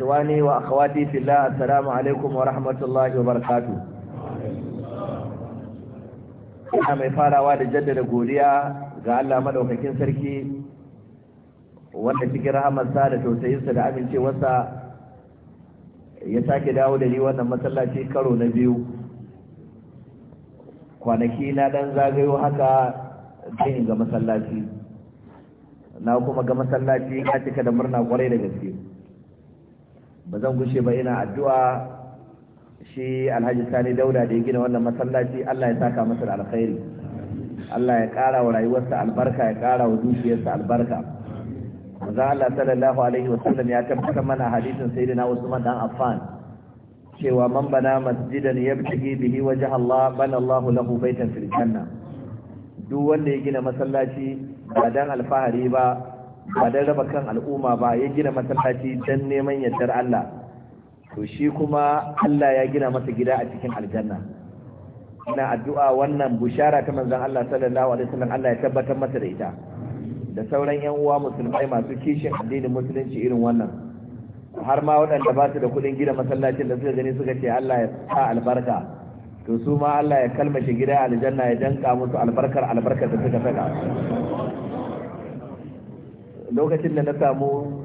ikhwani wa akhawati fillah assalamu alaikum wa rahmatullahi wa barakatuh ina mai farawa da jaddada godiya ga Allah madaukakin sarki wanda cikin rahamarsa da tausayinsa da amincewarsa ya sake dawo da ni wannan masallaci karo na biyu kwanaki na dan zagayo haka zai ga masallaci na kuma ga masallaci ya cika da murna kwarai da gaske ba zan gushe ba ina addu'a shi alhaji sani dauda da ya gina wannan masallaci allah ya saka masa da alkhairi allah ya ƙara wa rayuwarsa albarka ya ƙara wa dukiyarsa albarka manzo allah sallallahu alaihi sallam ya tabbatar mana hadisin sayyidina usman dan affan cewa man bana masjidan yabtaghi bihi wajha allah bana allah lahu baitan fil janna duk wanda ya gina masallaci ba dan alfahari ba ba don raba kan al'umma ba ya gina masallaci don neman yardar Allah to shi kuma Allah ya gina masa gida a cikin aljanna ina addu'a wannan bushara ta manzon Allah sallallahu alaihi wasallam Allah ya tabbatar masa da ita da sauran yan uwa musulmai masu kishin addinin musulunci irin wannan har ma waɗanda ba su da kuɗin gina masallacin da suka gani suka ce Allah ya sa albarka to su ma Allah ya kalmace gida aljanna ya danka musu albarkar albarkar da suka saka lokacin da na samu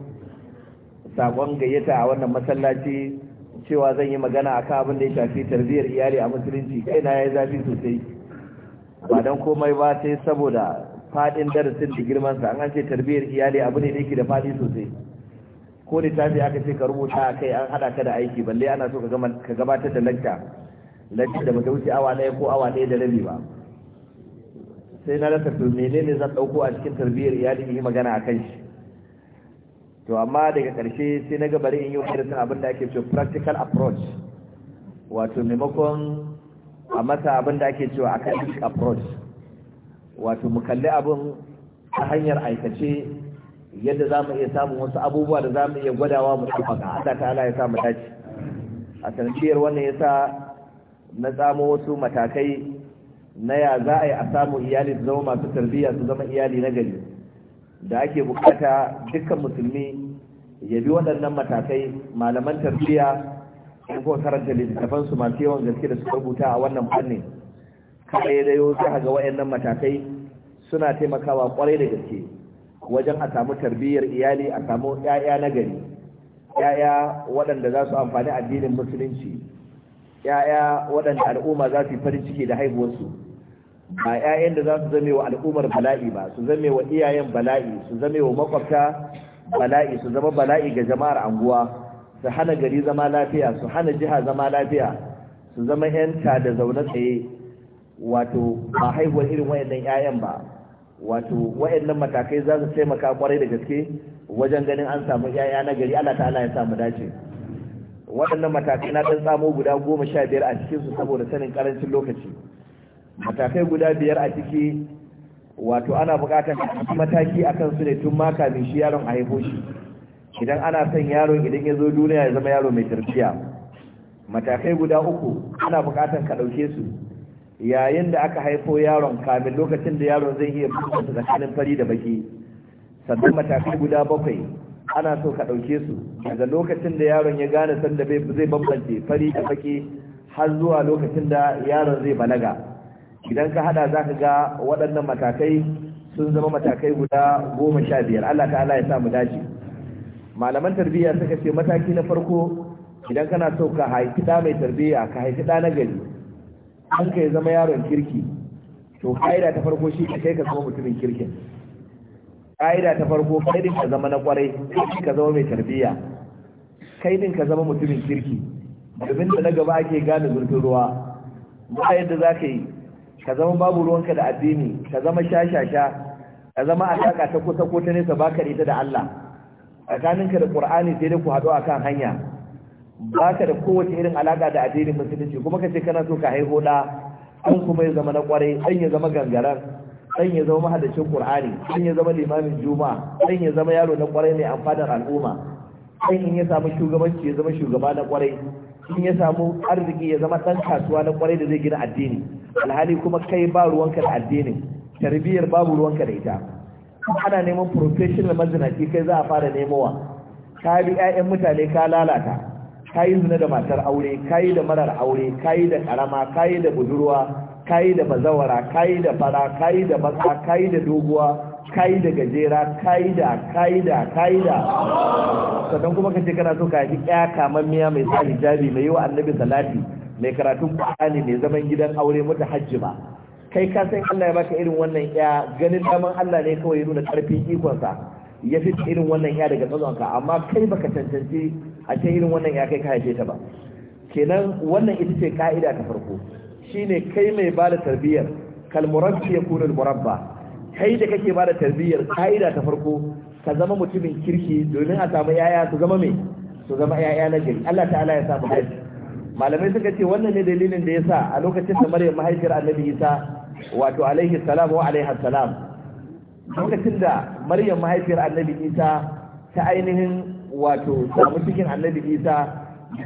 sakon gayyata a wannan masallaci cewa zan yi magana a kan abin da ya shafi tarbiyyar iyali a musulunci kaina ya yi zafi sosai ba don komai ba sai saboda fadin darasin da girmansa an ce tarbiyyar iyali abu ne da yake da fadi sosai ko littafi aka ce ka rubuta a kai an hada ka da aiki balle ana so ka gabatar da lakta lakta da bata wuce awa ɗaya ko awa ɗaya da rabi ba sai na rasa to menene zan dauko a cikin tarbiyyar iyali in yi magana a kan shi to amma daga karshe sai na ga bari in yi wani da abin da ake cewa practical approach wato maimakon a masa abin da ake cewa academic approach wato mu kalli abin ta hanyar aikace yadda za mu iya samun wasu abubuwa da za mu iya gwadawa mu tafaka Allah ta'ala ya sa mu dace a sanadiyar wannan ya sa na tsamo wasu matakai na ya za a yi a samu iyali su zama masu tarbiyya su zama iyali na gari da ake bukata dukkan musulmi ya bi waɗannan matakai malaman tarbiyya in ko karanta littattafan su masu yawan gaske da suka rubuta a wannan fannin kai da yau za ga waɗannan matakai suna taimakawa kwarai da gaske wajen a samu tarbiyyar iyali a samu ƴaƴa na gari Ƴaƴa waɗanda za su amfani addinin musulunci 'ya'ya waɗanda al'umma za su yi farin ciki da haihuwarsu ba 'ya'yan da za su zame wa al'ummar bala'i ba su zame wa iyayen bala'i su zame wa makwabta bala'i su zama bala'i ga jama'ar anguwa su hana gari zama lafiya su hana jiha zama lafiya su zama yanta da zaune tsaye wato ba haihuwar irin wayannan ƴaƴan ba wato wayannan matakai za su taimaka kwarai da gaske wajen ganin an samu ƴaƴa na gari Allah ta'ala ya samu dace waɗannan matakai na ɗan tsamo guda goma sha biyar a cikinsu saboda sanin ƙarancin lokaci matakai guda biyar a ciki wato ana bukatar mataki a su ne tun ma kamin shi yaron a haifo shi idan ana son yaron idan ya zo duniya ya zama yaro mai tarfiya. matakai guda uku ana bukatar ka ɗauke su yayin da aka haifo yaron kamin lokacin da yaron zai iya fuskanta tsakanin fari da baki sannan matakai guda bakwai ana so ka ɗauke su daga lokacin da yaron ya gane sanda zai bambance fari da baki har zuwa lokacin da yaron zai balaga idan ka hada za ka ga waɗannan matakai sun zama matakai guda goma sha biyar Allah ta'ala ya samu dace malaman tarbiyya suka ce mataki na farko idan kana so ka haifi ɗa mai tarbiyya ka haifi ɗa na gari an ka zama yaron kirki to ka'ida ta farko shi ka kai ka zama mutumin kirkin ka'ida ta farko kai ka zama na kwarai ka zama mai tarbiyya kai din ka zama mutumin kirki domin da na gaba ake gane zurfin ruwa ba yadda za ka yi ka zama babu ruwanka da addini ka zama shashasha ka zama alaka ta kusa ko ta nesa baka da ita da Allah tsakaninka da ƙur'ani sai dai ku haɗu akan hanya baka da kowace irin alaka da addinin musulunci kuma ka kace kana so ka haihu da an kuma ya zama na kwarai an ya zama gangaran an ya zama mahadacin Qur'ani an ya zama limamin juma'a an ya zama yaro na kwarai mai amfanar al'umma an in ya samu shugabanci ya zama shugaba na kwarai in ya samu arziki ya zama ɗan kasuwa na kwarai da zai gina addini alhali kuma kai ba ruwanka da addinin tarbiyyar babu ruwanka da ita ana neman professional mazinaci kai za a fara nemowa ka bi 'ya'yan mutane ka lalata ka yi zina da matar aure ka yi da marar aure ka yi da karama ka yi da budurwa ka yi da bazawara ka yi da fara ka yi da baka ka yi da doguwa ka yi da gajera ka yi da ka yi da ka yi da sannan kuma ka ce kana so ka yi ya kamammiya mai sa hijabi mai yi wa annabi salati mai karatun ƙwa'ani mai zaman gidan aure mata hajji ba kai ka san Allah ya baka irin wannan ya ganin daman Allah ne kawai ya nuna karfin ikonsa ya fi irin wannan ya daga tsazonka amma kai baka tantance a can irin wannan ya kai ka haife ta ba kenan wannan ita ce ka'ida ta farko shine kai mai ba da tarbiyyar kalmurabbi ya kuna murabba kai da kake ba da tarbiyyar ka'ida ta farko ka zama mutumin kirki domin a samu yaya su zama mai su zama yaya na gari Allah ta'ala ya samu haifi. malamai suka ce wannan ne dalilin da yasa a lokacin da Maryam mahaifiyar Annabi Isa wato alaihi salam wa alaihi salam lokacin da Maryam mahaifiyar Annabi Isa ta ainihin wato samu cikin Annabi Isa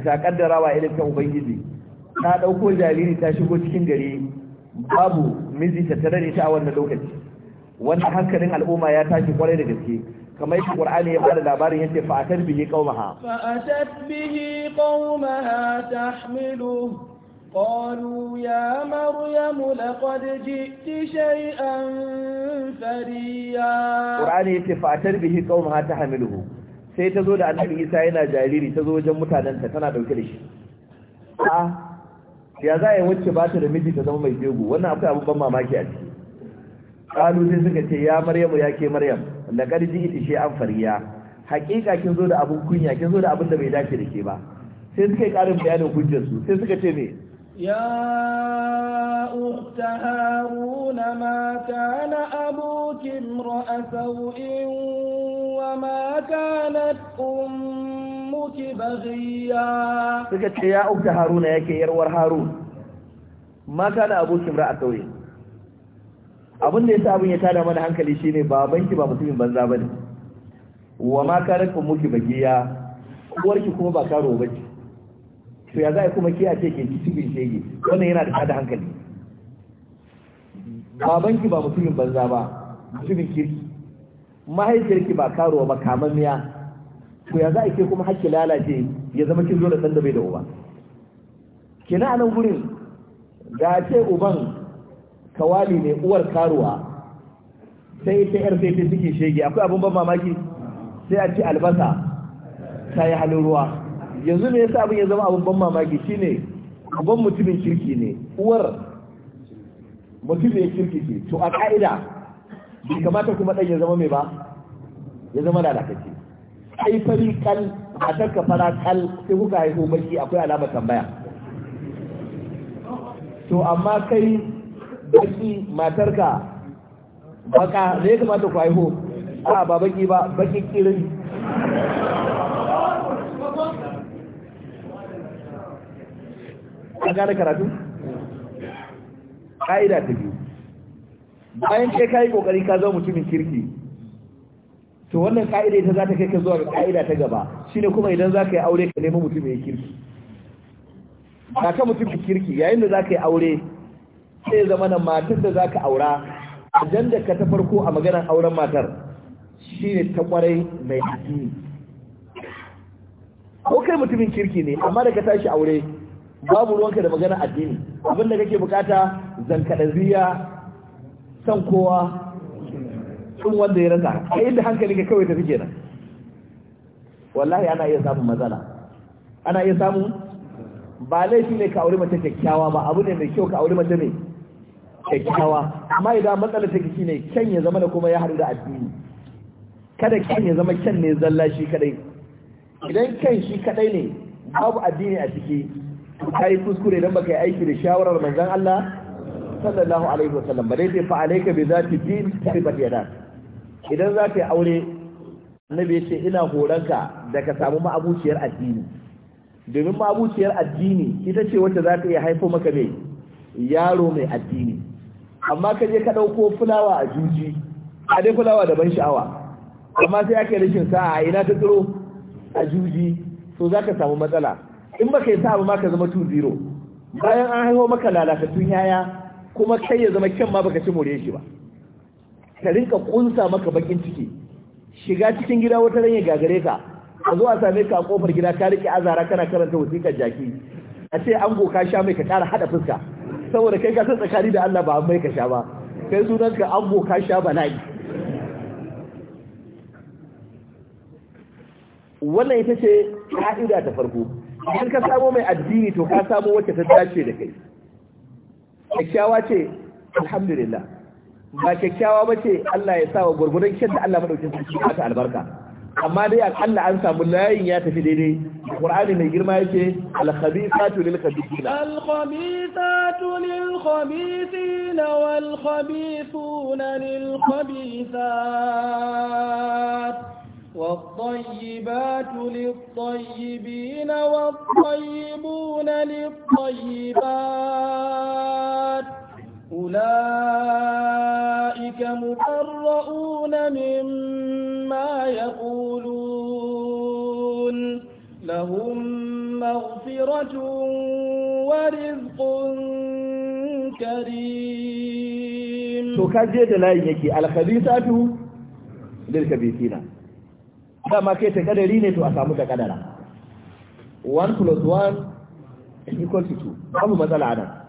ta kaddarawa irin ta ubangiji ta dauko jariri ta shigo cikin gari babu miji ta tare da ita a wannan lokaci wannan hankalin al'umma ya tashi kwarai da gaske kamar yadda Qur'ani ya bada labarin yace fa atat bihi qaumaha fa atat bihi qaumaha tahmilu قالوا يا مريم لقد جئت شيئا فريا قرآن يتي فأتر به قومها تحمله sai ta zo da annabi isa yana jariri ta zo wajen mutanenta tana dauke da shi a ya za a wacce ba ta da miji ta zama mai jego wannan akwai abin ban mamaki a ciki kalu sai suka ce ya maryamu ya ke maryam da ƙarfi ita shi an fariya hakika kin zo da abun kunya kin zo da abin da bai dace da ke ba sai suka yi ƙarin bayanin hujjar su sai suka ce ne ya ukhta haruna ma kana abuki ra'a sawin wa ma kanat ummuki baghiya suka ce ya ukhta haruna yake yarwar harun ma kana abuki ra'a sawin abin da ya sa abin ya tada mana hankali shine babanki ba mutumin banza ba ne. wa ma karakun muki bagiya uwarki kuma ba karo ce to ya za kuma ke a ke cikin shege wannan yana da tada hankali babanki ba mutumin banza ba mutumin kirki mahaifiyarki ba karo ba kamammiya to ya za a ke kuma hakki lalace ya zama kin zo da sanda bai da uba kina nan gurin da ce uban kawali ne uwar karuwa sai ita yar sai ta suke shege akwai abin ban mamaki sai a ci albasa ta yi halin ruwa yanzu me yasa abin ya zama abin ban mamaki shine abin mutumin kirki ne uwar mutumin kirki ce to a ka'ida bai kamata kuma ɗan ya zama mai ba ya zama lalatacce ai fari kal a taka fara kal sai kuka haifo baki akwai alamar tambaya to amma kai baki matarka baka ne kamata ta haihu a ba baki ba baki kirin a gane karatu ƙa'ida ta biyu bayan kai ka yi ƙoƙari ka zama mutumin kirki to wannan ƙa'ida ita za ta kai ka zuwa ga ƙa'ida ta gaba ne kuma idan za ka yi aure ka nemi mutumin kirki ba ka mutumin kirki yayin da za ka yi aure sai zama na matar da za ka aura da ka ta farko a maganar auren matar shine ta kwarai mai addini ko kai mutumin kirki ne amma da ka tashi aure babu ruwanka da maganar addini abin da kake bukata zankadaziya san kowa sun wanda ya rasa a inda hankali ka kawai tafi kenan wallahi ana iya samun matsala ana iya samun ba laifi ne ka aure mace kyakkyawa ba abu ne mai kyau ka aure mace ne kyakkyawa amma idan matsalar ta shine kyan ya zama da kuma ya haɗu da addini kada kyan ya zama kyan ne zalla shi kadai idan kyan shi kadai ne babu addini a ciki ka yi kuskure don baka yi aiki da shawarar manzon Allah sallallahu alaihi wasallam ba dai sai fa alayka bi zati din taribat yada idan za ka yi aure annabi ya ce ina horonka da ka samu ma'abuciyar addini domin ma'abuciyar addini ita ce wacce za ta iya haifo maka mai yaro mai addini amma ka je ka ɗauko fulawa a juji a dai fulawa da ban sha'awa amma sai ake rashin sa'a ina ta tsiro a juji so za ka samu matsala in ba ka yi sa'a ba ma ka zama 2-0 bayan an haihu maka lalatattun yaya kuma kai ya zama kyan ma baka ci more shi ba ka rinka kunsa maka bakin ciki shiga cikin gida wata ran ya gagare ka a zuwa same ka a kofar gida ka rike azara kana karanta wasiƙar jaki a ce an goka sha mai ka ƙara haɗa fuska saboda kai ka san tsakani da Allah ba mai ka sha ba kai sunan ka ango ka sha bala'i wannan ita ce ka'ida ta farko idan ka samo mai addini to ka samo wacce ta dace da kai kyakkyawa ce alhamdulillah ba kyakkyawa ba ce Allah ya sa wa gurgurdan kyan da Allah madaukin sarki ya ta albarka amma dai akalla an samu layin ya tafi daidai qur'ani mai girma yake al-khabithatu lil khabithina al-khabithatu lil khabithina wal khabithuna lil khabithat والطيبات للطيبين والطيبون للطيبات أولئك مبرؤون مما يقولون لهم مغفرة ورزق كريم تكاجي دلائي يكي الخبيثات للكبيثين dama kai ta kadari ne to a samu ta kadara 1 plus 1 equals to 2 babu matsala a nan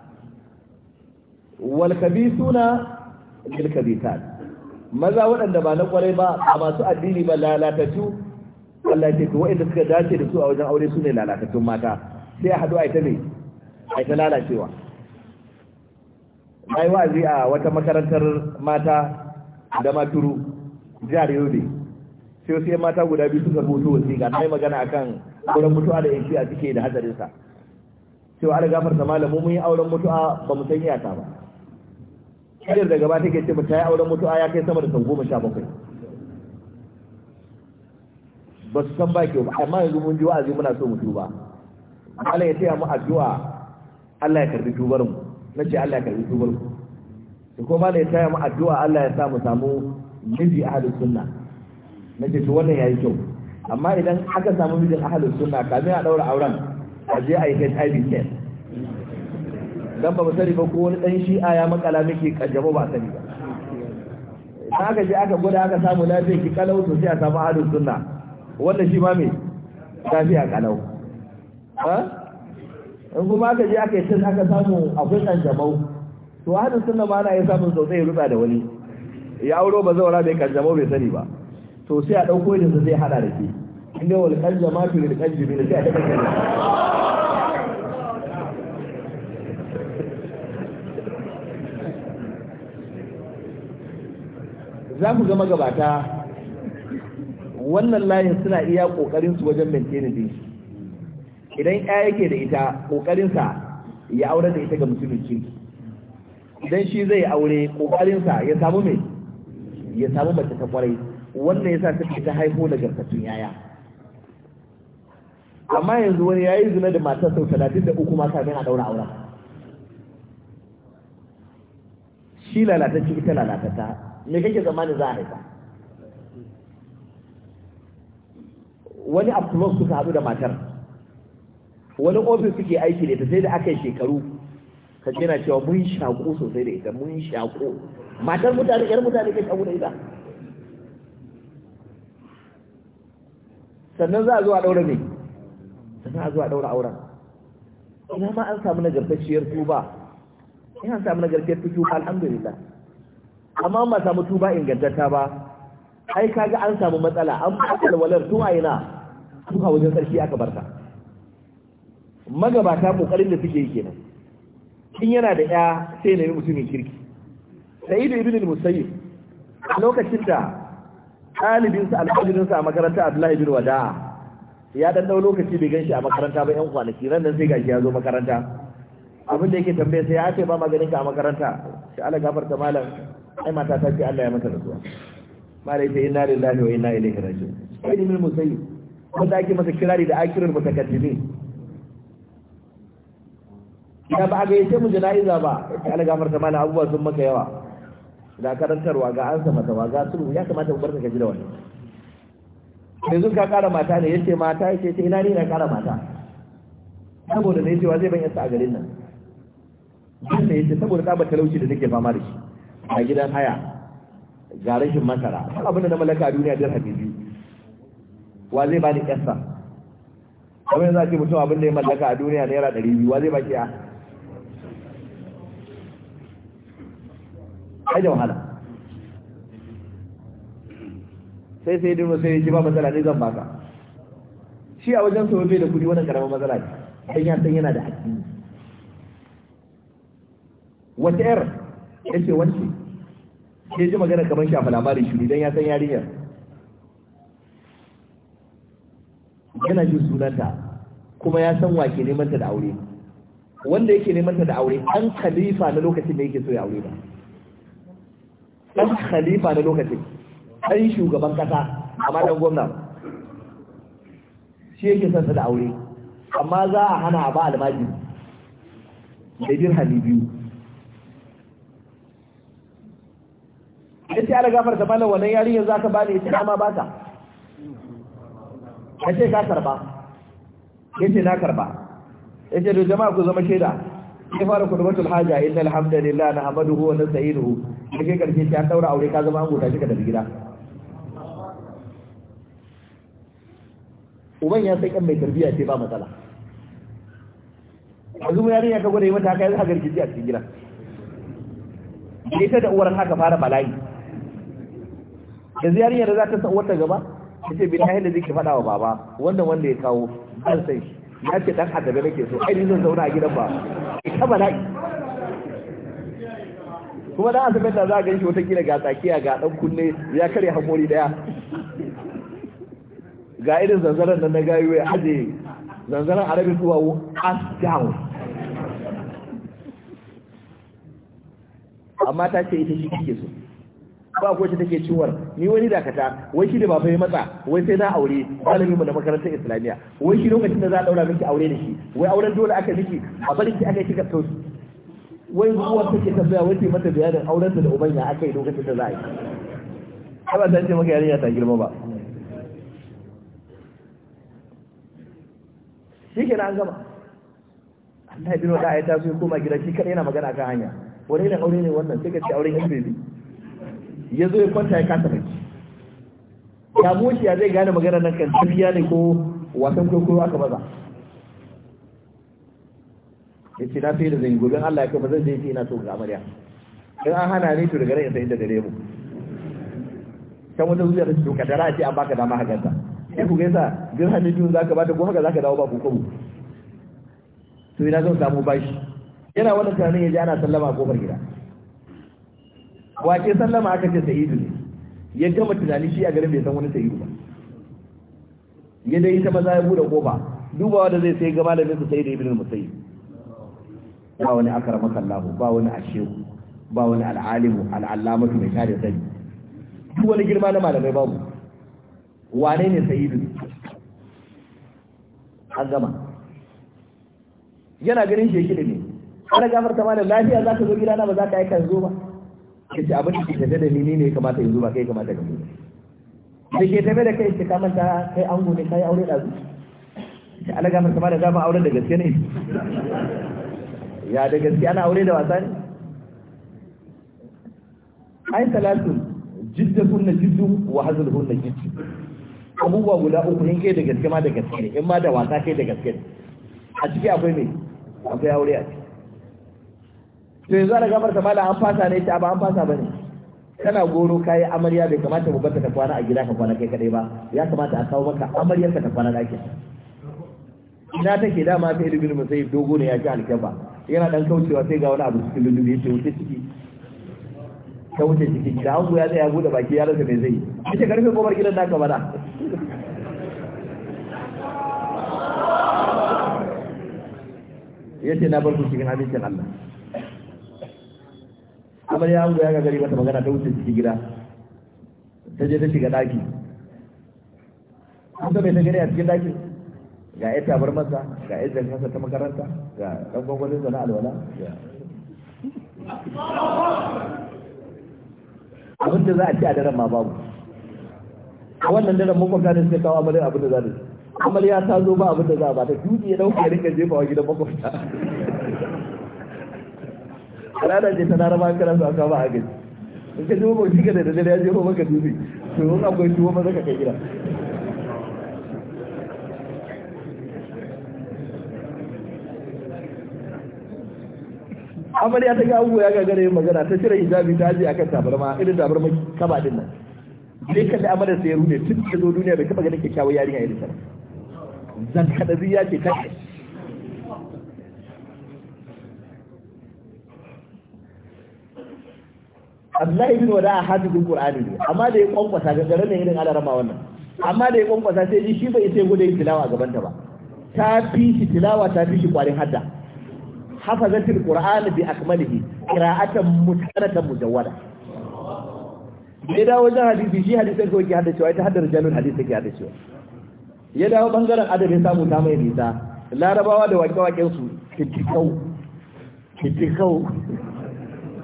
wal khabithuna bil khabithat maza waɗanda ba na kwarai ba a masu addini ba lalatatu Allah ce ce waɗanda suka dace da su a wajen aure su ne lalatatun mata sai a haɗu a ita ne a ita lalacewa na yi wa'azi a wata makarantar mata da maturu jihar yobe sai sai mata guda biyu suka rubuta wasiƙa na yi magana akan auren mutuwa da yanki a cike da hatsarinsa sai wa an gafarta malamu mun yi auren mutuwa ba mu san iyaka ba shirin daga ba take ce ta yi auren mutu'a ya kai sama da sau goma sha bakwai ba su san ba ke ba amma yanzu mun ji wa'azi muna so mu tuba Allah ya taya mu addu'a Allah ya karbi tubar mu na ce Allah ya karbi tubar mu to kuma Allah ya taya mu addu'a Allah ya sa mu samu miji ahlus sunna na ce to wannan yayi kyau amma idan aka samu mijin ahlus sunna kamin a daura auren a je a yi HIV test dan ba sani ba ko wani dan shi'a ya makala miki kanjamo ba sani ba ta aka ji aka gwada aka samu lafiya ki kalau to sai a samu adun sunna wanda shi ma me lafiya kalau ha in kuma aka ji aka yi tun aka samu akwai kanjamau to adun sunna ma ana iya samun sosai ya rutsa da wani ya auro ba zaura bai kanjamau bai sani ba to sai a ɗauko yadda sai hada da ke inda wal kanjama fi lil kanjimi sai a ɗauko za mu ga magabata wannan layin suna iya kokarin su wajen maintaining din idan ya yake da ita kokarin sa ya aure da ita ga mutumin kirki idan shi zai aure kokarin sa ya samu me ya samu mace ta kwarai wannan yasa take ta haifo da garkatun yaya amma yanzu wani yayi zina da matar sau 33 ma kafin a daura auren shi lalatacce ita lalatata me kake zamanin za a haifa wani aflos suka haɗu da matar wani ofis suke aiki da ta sai da aka yi shekaru ka jina cewa mun shaƙo sosai da ita mun shaƙo matar mutane yar mutane ke shaƙo da ita sannan za a zo a ɗaura mai sannan a zo a ɗaura auren ina ma an samu nagartacciyar tuba ina samu nagartacciyar tuba alhamdulillah amma ba samu tuba ingantatta ba ai kaga an samu matsala an fara walar tuwa ina Duka wajen sarki aka barka. magabata kokarin da suke yi kenan in yana da ya sai na mutumin kirki sa'idu ibn al-musayyib lokacin da ɗalibinsa alfajirinsa a makaranta abdullahi bin wada ya dan dau lokaci bai ganshi a makaranta ba yan kwanaki ran nan sai gashi ya zo makaranta abin da yake tambaye sai ya ce ba maganin ka a makaranta shi Allah gafarta malam ai mata ta ce Allah ya mata rasuwa mare ta inna lillahi wa inna ilaihi raji'un ne ni min ko da ake masa kirari da akirul mutakaddimi ya ba ga yace mu jana'iza ba ya ga marta mana abubuwa sun maka yawa da karantarwa ga ansa mata wa ga sulhu ya kamata mu barka ka ji da wannan yanzu ka kara mata ne yace mata yace ce ina ne na kara mata saboda ne yace wa zai ban yasa a garin nan sai yace saboda ta ba talauci da nake fama da shi A gidan haya ga rashin masara abin abinda na mallaka a duniya dirhami biyu wa zai bani kyasa kamar yanzu a ce mutum abinda ya mallaka a duniya naira ɗari biyu wa zai baki a ai da wahala sai sai dinu sai shi ba matsala ne zan baka shi a wajen sau bai da kudi wannan karamin matsala ne kan ya san yana da hakki wata yar ce wance ke ji magana kamar shafa labarin shi idan ya san yarinyar yana jin sunanta kuma ya san wa ke neman ta da aure wanda yake neman ta da aure an khalifa na lokacin da yake so ya aure ba an khalifa na lokacin an shugaban kasa amma dan gwamna shi yake son ta da aure amma za a hana ba almajiri da dirhami biyu ya ce ala gafar ta malam wannan yarinyar za ka ba ne ya amma ba ka ya ce ka karba ya ce na karba ya ce da jama'a ku zama shaida ya fara kudubatul haja inna alhamdulillah na hamaduhu wa nasta'inuhu da ke karshe ta an daura aure ka zama an gota shi ka tafi gida uban ya sai kan mai tarbiyya ce ba matsala yanzu yarinya ka gwada yi mata haka yanzu haka rikici a cikin gida ita da uwar haka fara bala'i yanzu yarinyar da za ta san wata gaba ta ce bilahi da zai ki faɗa wa baba wannan wanda ya kawo zan san shi ya ce dan adabe nake so ai ni zan zauna a gidan ba ka bala'i kuma dan asabe da za a ganshi wata gina ga tsakiya ga dan kunne ya kare hakori daya ga irin zanzaran nan na gayu ya aje zanzaran arabin zuwa as down amma ta ce ita shi kike so ba ko shi take ciwar ni wani dakata wai shi da ba fai matsa wai sai na aure malamin mu da makarantar islamiya wai shi lokacin da za a daura miki aure da shi wai auren dole aka miki a bari ki aka yi kika tausi wai zuwa take tafiya wai mata bayanin auren da uban ya aka yi lokacin da za a yi ba ta ce maka yarinya ta girma ba shi ke an gama Allah ya wa da ya taso ya koma gida shi kaɗai yana magana kan hanya wani ne aure ne wannan sai ka ce auren yan bebi ya zo ya kwanta ya kasa bacci ya shi ya zai gane magana nan kan tafiya ne ko wasan kwaikwayo aka baza ya ce na fi da zai gobe Allah ya kafa zan ce ina so ga amarya in an hana ne to daga ran sai inda dare mu kan wata zuciya ta to kadara ce an baka dama haganta sai ku gaisa dirhamin biyu zaka bata ko haka za ka dawo ba ku kubu to ina zan samu bashi yana wannan tunanin ya ji ana sallama a kofar gida wace sallama aka ce sa'idu ne ya gama tunani shi a garin bai san wani sa'idu ba ya dai ta maza ya bude kofa dubawa da zai sai ga malamin su sai da ibn musayyib ba wani akramaka Allah ba wani ashiru ba wani al'alimu al'allamatu mai kare sani duk wani girma na malamai babu wane ne sayyidu an gama yana ganin shekili ne har gafarta malam lafiya za ka zo gidana ba za ka aika zo ba ya ce abin da ke tafe da ni ne kamata yanzu ba kai kamata ka yi, da ke tafe da kai ce ka manta kai an ne kai aure ɗazu da ana gafar kama da gama auren da gaske ne ya da gaske ana aure da wasa ne ai salatu jidda kunna jiddu wa hazul kunna jiddu abubuwa guda uku in kai da gaske ma da gaske ne in ma da wasa kai da gaske ne a ciki akwai ne akwai aure a ciki to yanzu ana gamar ta mala an fasa ne ta ba an fasa bane kana goro kayi amarya bai kamata mu barka ta kwana a gida ka kwana kai kadai ba ya kamata a kawo maka amaryar ka ta kwana daki ina take dama sai mu sai dogo ne ya ji alkaba yana dan kaucewa sai ga wani abu cikin lullubi yace wuce ciki ta wuce ciki da an ya tsaya bude baki ya rasa mai zai ita karfe gobar gidan ka bada yace na bar ku cikin amincin Allah amarya an ga gari mata magana ta wuce cikin gida ta je ta shiga daki an bai ta gari a cikin daki ga ya tabar masa ga ya jankansa ta makaranta ga ɗan gwangwanin na alwala abin da za a ci a daren ma babu a wannan daren makwabta ne suka kawo amarya abin da za a amarya ta zo ba abin da za a ba ta dutse ya ɗauka ya rinka jefawa gidan makwabta ranar ce ta an kana su aka ba a gaji in ka jiwo bauchi ka da dare ya jiwo maka dubi to in akwai tuwo ba ka kai gida ya ta ga abubuwa ya gagara yin magana ta cire hijabi ta je akan tabarma irin tabarma kaba din nan sai kalli amarya sai ya rune tun da zo duniya bai taba ganin kyakkyawar yarinya irin ta zan kada ziya ce ta abdullahi bin wada hadisin qur'ani ne amma da ya kwankwasa ga garin irin alarama wannan amma da ya kwankwasa sai ji shi bai sai gode tilawa gaban ta ba ta fi shi tilawa ta fi shi kwarin hadda hafazatul qur'an bi akmalihi qira'atan mutaratan mujawwada ya dawo wajen hadisi shi hadisin ko yake haddacewa ita haddar jalul hadisi take haddacewa ya dawo bangaren adabin samu ta mai nisa larabawa da wake-waken su kitikau kitikau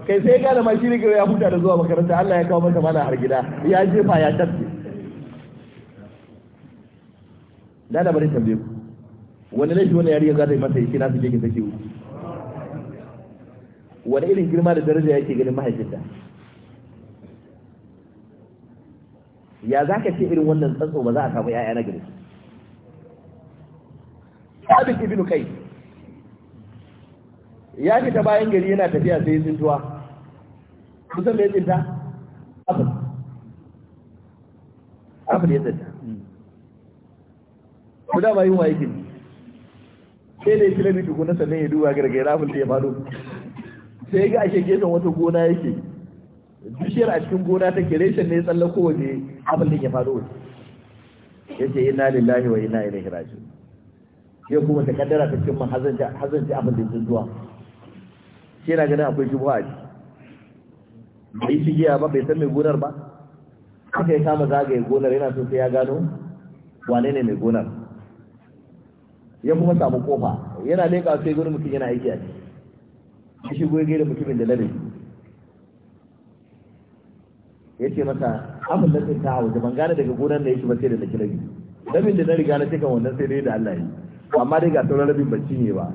kai sai gane ma shi ne ya huta da zuwa makaranta Allah ya kawo masa mana har gida ya jefa ya tafke da da bari tambaye ku wani laifi wani ya za ta yi masa yake na su je ki sake wani irin girma da daraja yake ganin mahaifinta ya za ka ce irin wannan tsantso ba za a samu ‘ya'ya na gari sabit ibn kai ya fita bayan gari yana tafiya sai tuwa. kusan me tsinta apple apple ya tsinta ku dama yin waye gini sai da ya kila bitu gona sannan ya duba gargayen rafin da ya faɗo sai ya ga ashe gefen wata gona yake bishiyar a cikin gona ta reshen ne tsallako waje abin da ya faru waje ya ce ina lillahi wa ina ilaihi raji'un ya kuma ta kaddara ta cikin abin da ya zuwa shi na ganin akwai jubuwa a ciki bai shigiya ba bai san mai gonar ba haka ya kama zagaye gonar yana so sai ya gano wane ne mai gonar ya kuma samu kofa yana leƙa sai gudun mutum yana aiki a ce ya shi ya gaida mutumin da lare ya ce masa abin da ta a waje ban gane daga gonar da ya shi ba sai da nake rabi rabin da na riga na cikin wannan sai dai da Allah yi amma dai ga sauran rabin bacci cinye ba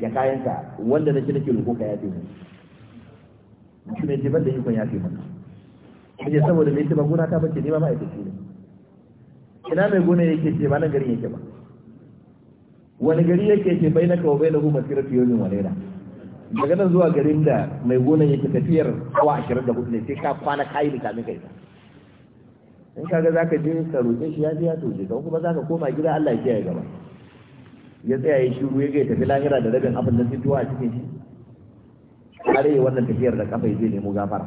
da kayanka wanda shi nake roƙo ka ya taimaka. mutum ya ce ban da ikon ya fi mana kace saboda mai yake ba gona ta bace ba ma ma'aikaci ne ina mai gona yake ce ba nan garin yake ba wani gari yake ce bai na kawo bai na kuma tsira fiye min walaila daga nan zuwa garin da mai gonan yake tafiyar awa ashirin da hudu ne sai ka kwana kayi da kamin kai in kaga za ka je ka roƙe shi ya je ya toje ka kuma za ka koma gida Allah ya kiyaye gaba ya tsaya ya shiru ya ga tafi lahira da rabin abin da sai tuwa a cikin shi har wannan tafiyar da kafa zai nemo gafara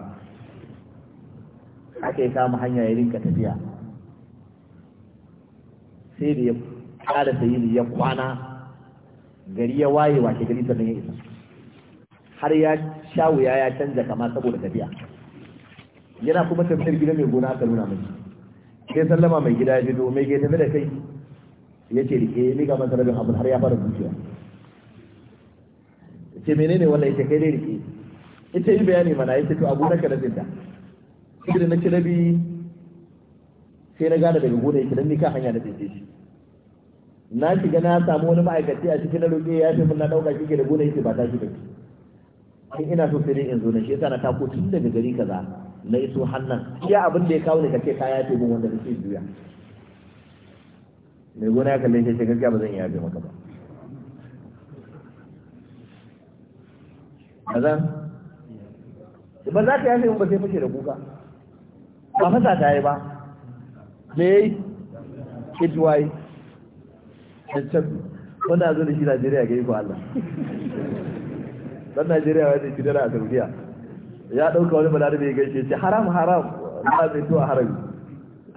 Ake ya kama hanya ya rinka tafiya sai da ya kada da ya kwana gari ya waye washe gari sannan ya isa har ya sha wuya ya canza kama saboda tafiya yana kuma tafiyar gida mai gona aka nuna mai sai sallama mai gida ya fito mai ke tafi da kai ya ce da ke ni ga masarabin abin har ya fara zuciya ce menene wannan yake kai dai rike ita yi bayani mana yace to abu na ka rabin da na ci sai na gane daga gona yake don ni ka hanya da tsince shi na shiga na samu wani ma'aikaci a cikin na roƙe ya ce mun na dauka kike da gona yake ba ta shi ba in ina so sai in zo na shi yasa na tako tun daga gari kaza na iso hannan iya abin da ya kawo ne kace kaya ce mun wanda kake juya mai gona ya kalle shi gaskiya ba zan iya ga maka ba ba za ba za ka yafe ba sai fashe da kuka ba fasa ta yi ba me yi kitwai da cabi wanda zo da shi najeriya ga iko allah dan najeriya wanda shi dara a saudiya ya ɗauka wani balarabe ya gaishe ce haram haram ba zai tuwa harami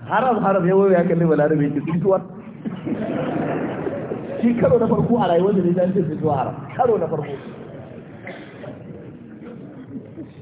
haram haram ya wayo ya kalli balarabe ya ce fituwar shi karo na farko a rayuwar da ne ta ce fituwa haram karo na farko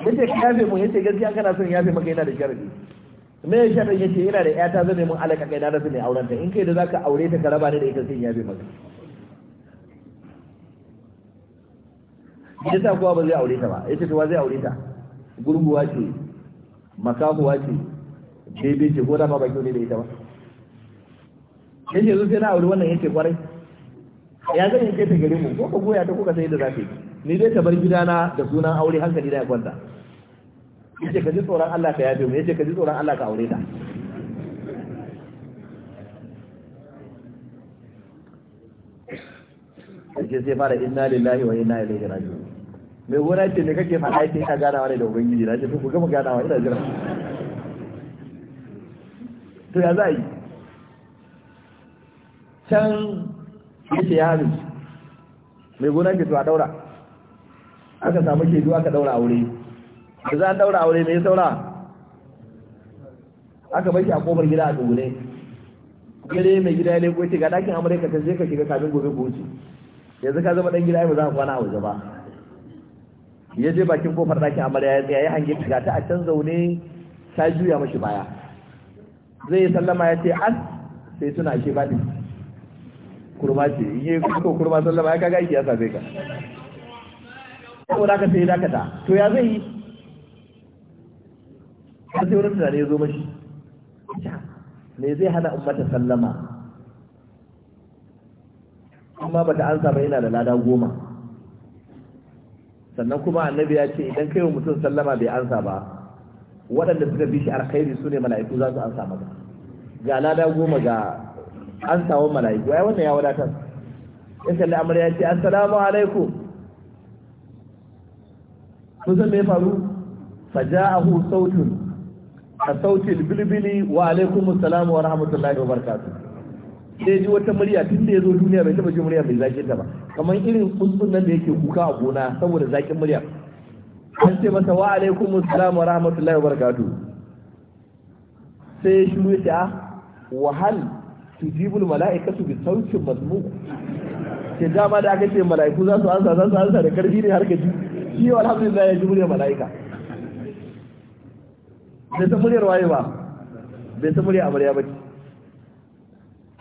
yace ka yafe mu yace gaskiya kana son yafe maka yana da sharadi me ya shaɗin yace yana da ƴata zan mun alaka kai na su mai auren ta in kai da zaka aure ta ka raba ni da ita sai yafe maka ta kowa ba zai aure ta ba yace kowa zai aure ta gurguwa ce makahuwa ce bebe ce ko da ba baki ne da ita ba yace zo sai na aure wannan yace kwarai ya zan yake kai ta gare mu ko ka goya ta ko ka sai da zaka yi ni dai ka bar gidana da sunan aure hankali na ya kwanta yace ka ji tsoron Allah ka yafe mu yace ka ji tsoron Allah ka aure ta yake sai fara inna lillahi wa inna ilaihi raji'un mai gona ce ne kake faɗa yake ina ganawa ne da ubangiji na ce to ku gama ganawa ina jira to ya za yi can yake ya mai gona ke to a daura aka samu shaidu aka daura aure da za a daura aure mai saura aka bai shi a kofar gida a tsogune gare mai gida ne ko ce ga dakin amurka ta zai ka shiga kamin gobe ko wuce yanzu ka zama dan gida ba za a kwana a waje ba ya je bakin kofar dakin Amurka ya tsaya ya hange ga ta a can zaune ta juya mashi baya zai yi sallama ya ce an sai tuna shi baɗi kurma ce yi kurma sallama ya kaga aiki ya same ka saboda haka sai ya dakata to ya zai yi har sai wani tunani ya zo mashi me zai hana ummata sallama amma bata ansa ba yana da lada goma sannan kuma annabi ya ce idan kai wa mutum sallama bai ansa ba waɗanda suka bi shi alkhairi su ne mala'iku za su ansa maka ga lada goma ga ansawan mala'iku ai wannan ya wadatar ya kalli ya ce assalamu alaikum kusan san ya faru faja'ahu sautin a sautin bilbili wa alaikum assalam wa rahmatullahi wa barkatu sai ji wata murya tun da ya zo duniya bai taba ji murya bai zaki ta ba kamar irin tsuntsun nan da yake kuka a gona saboda zakin murya an ce masa wa alaikum assalam wa rahmatullahi wa barkatu sai ya shi ya ce ah wahal tujibul mala'ikatu bi sautin masmu ke dama da aka ce mala'iku za su ansa za su ansa da karfi ne har ka ji shi wa alhamdulillah ya ji murya mala'ika bai san muryar waye ba bai san murya amarya ba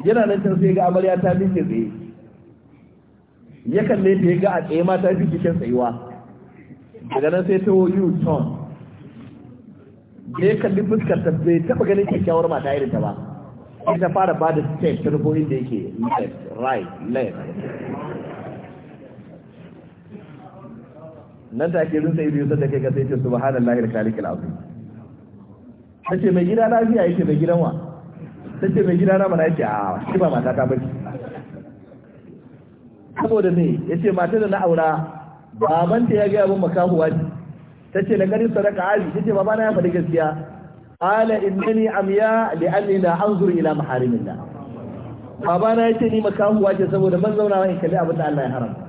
yana nan can sai ga amarya ta fi ke tsaye ya kalle ta ya ga a tsaye ma ta fi cikin tsayuwa daga nan sai ta yi uton da ya kalli fuskar ta bai taba ganin kyakkyawar mata irin ta ba ita fara ba da step ta nufo inda yake right left nan ta ke rin sai biyu da kai sai ce subhanallahi al-khaliqil Ta ce mai gida lafiya yake mai gidan wa ce mai gida na yake a shi ba mata ta bace saboda me ce mata da na aura babanta ya ga abun makahuwa ce na gari sadaka ali ce baba na ya faɗi gaskiya ala innani amya li anni la anzur ila maharimillah baba na yace ni makahuwa ce saboda ban zauna in kalli abin da Allah ya haramta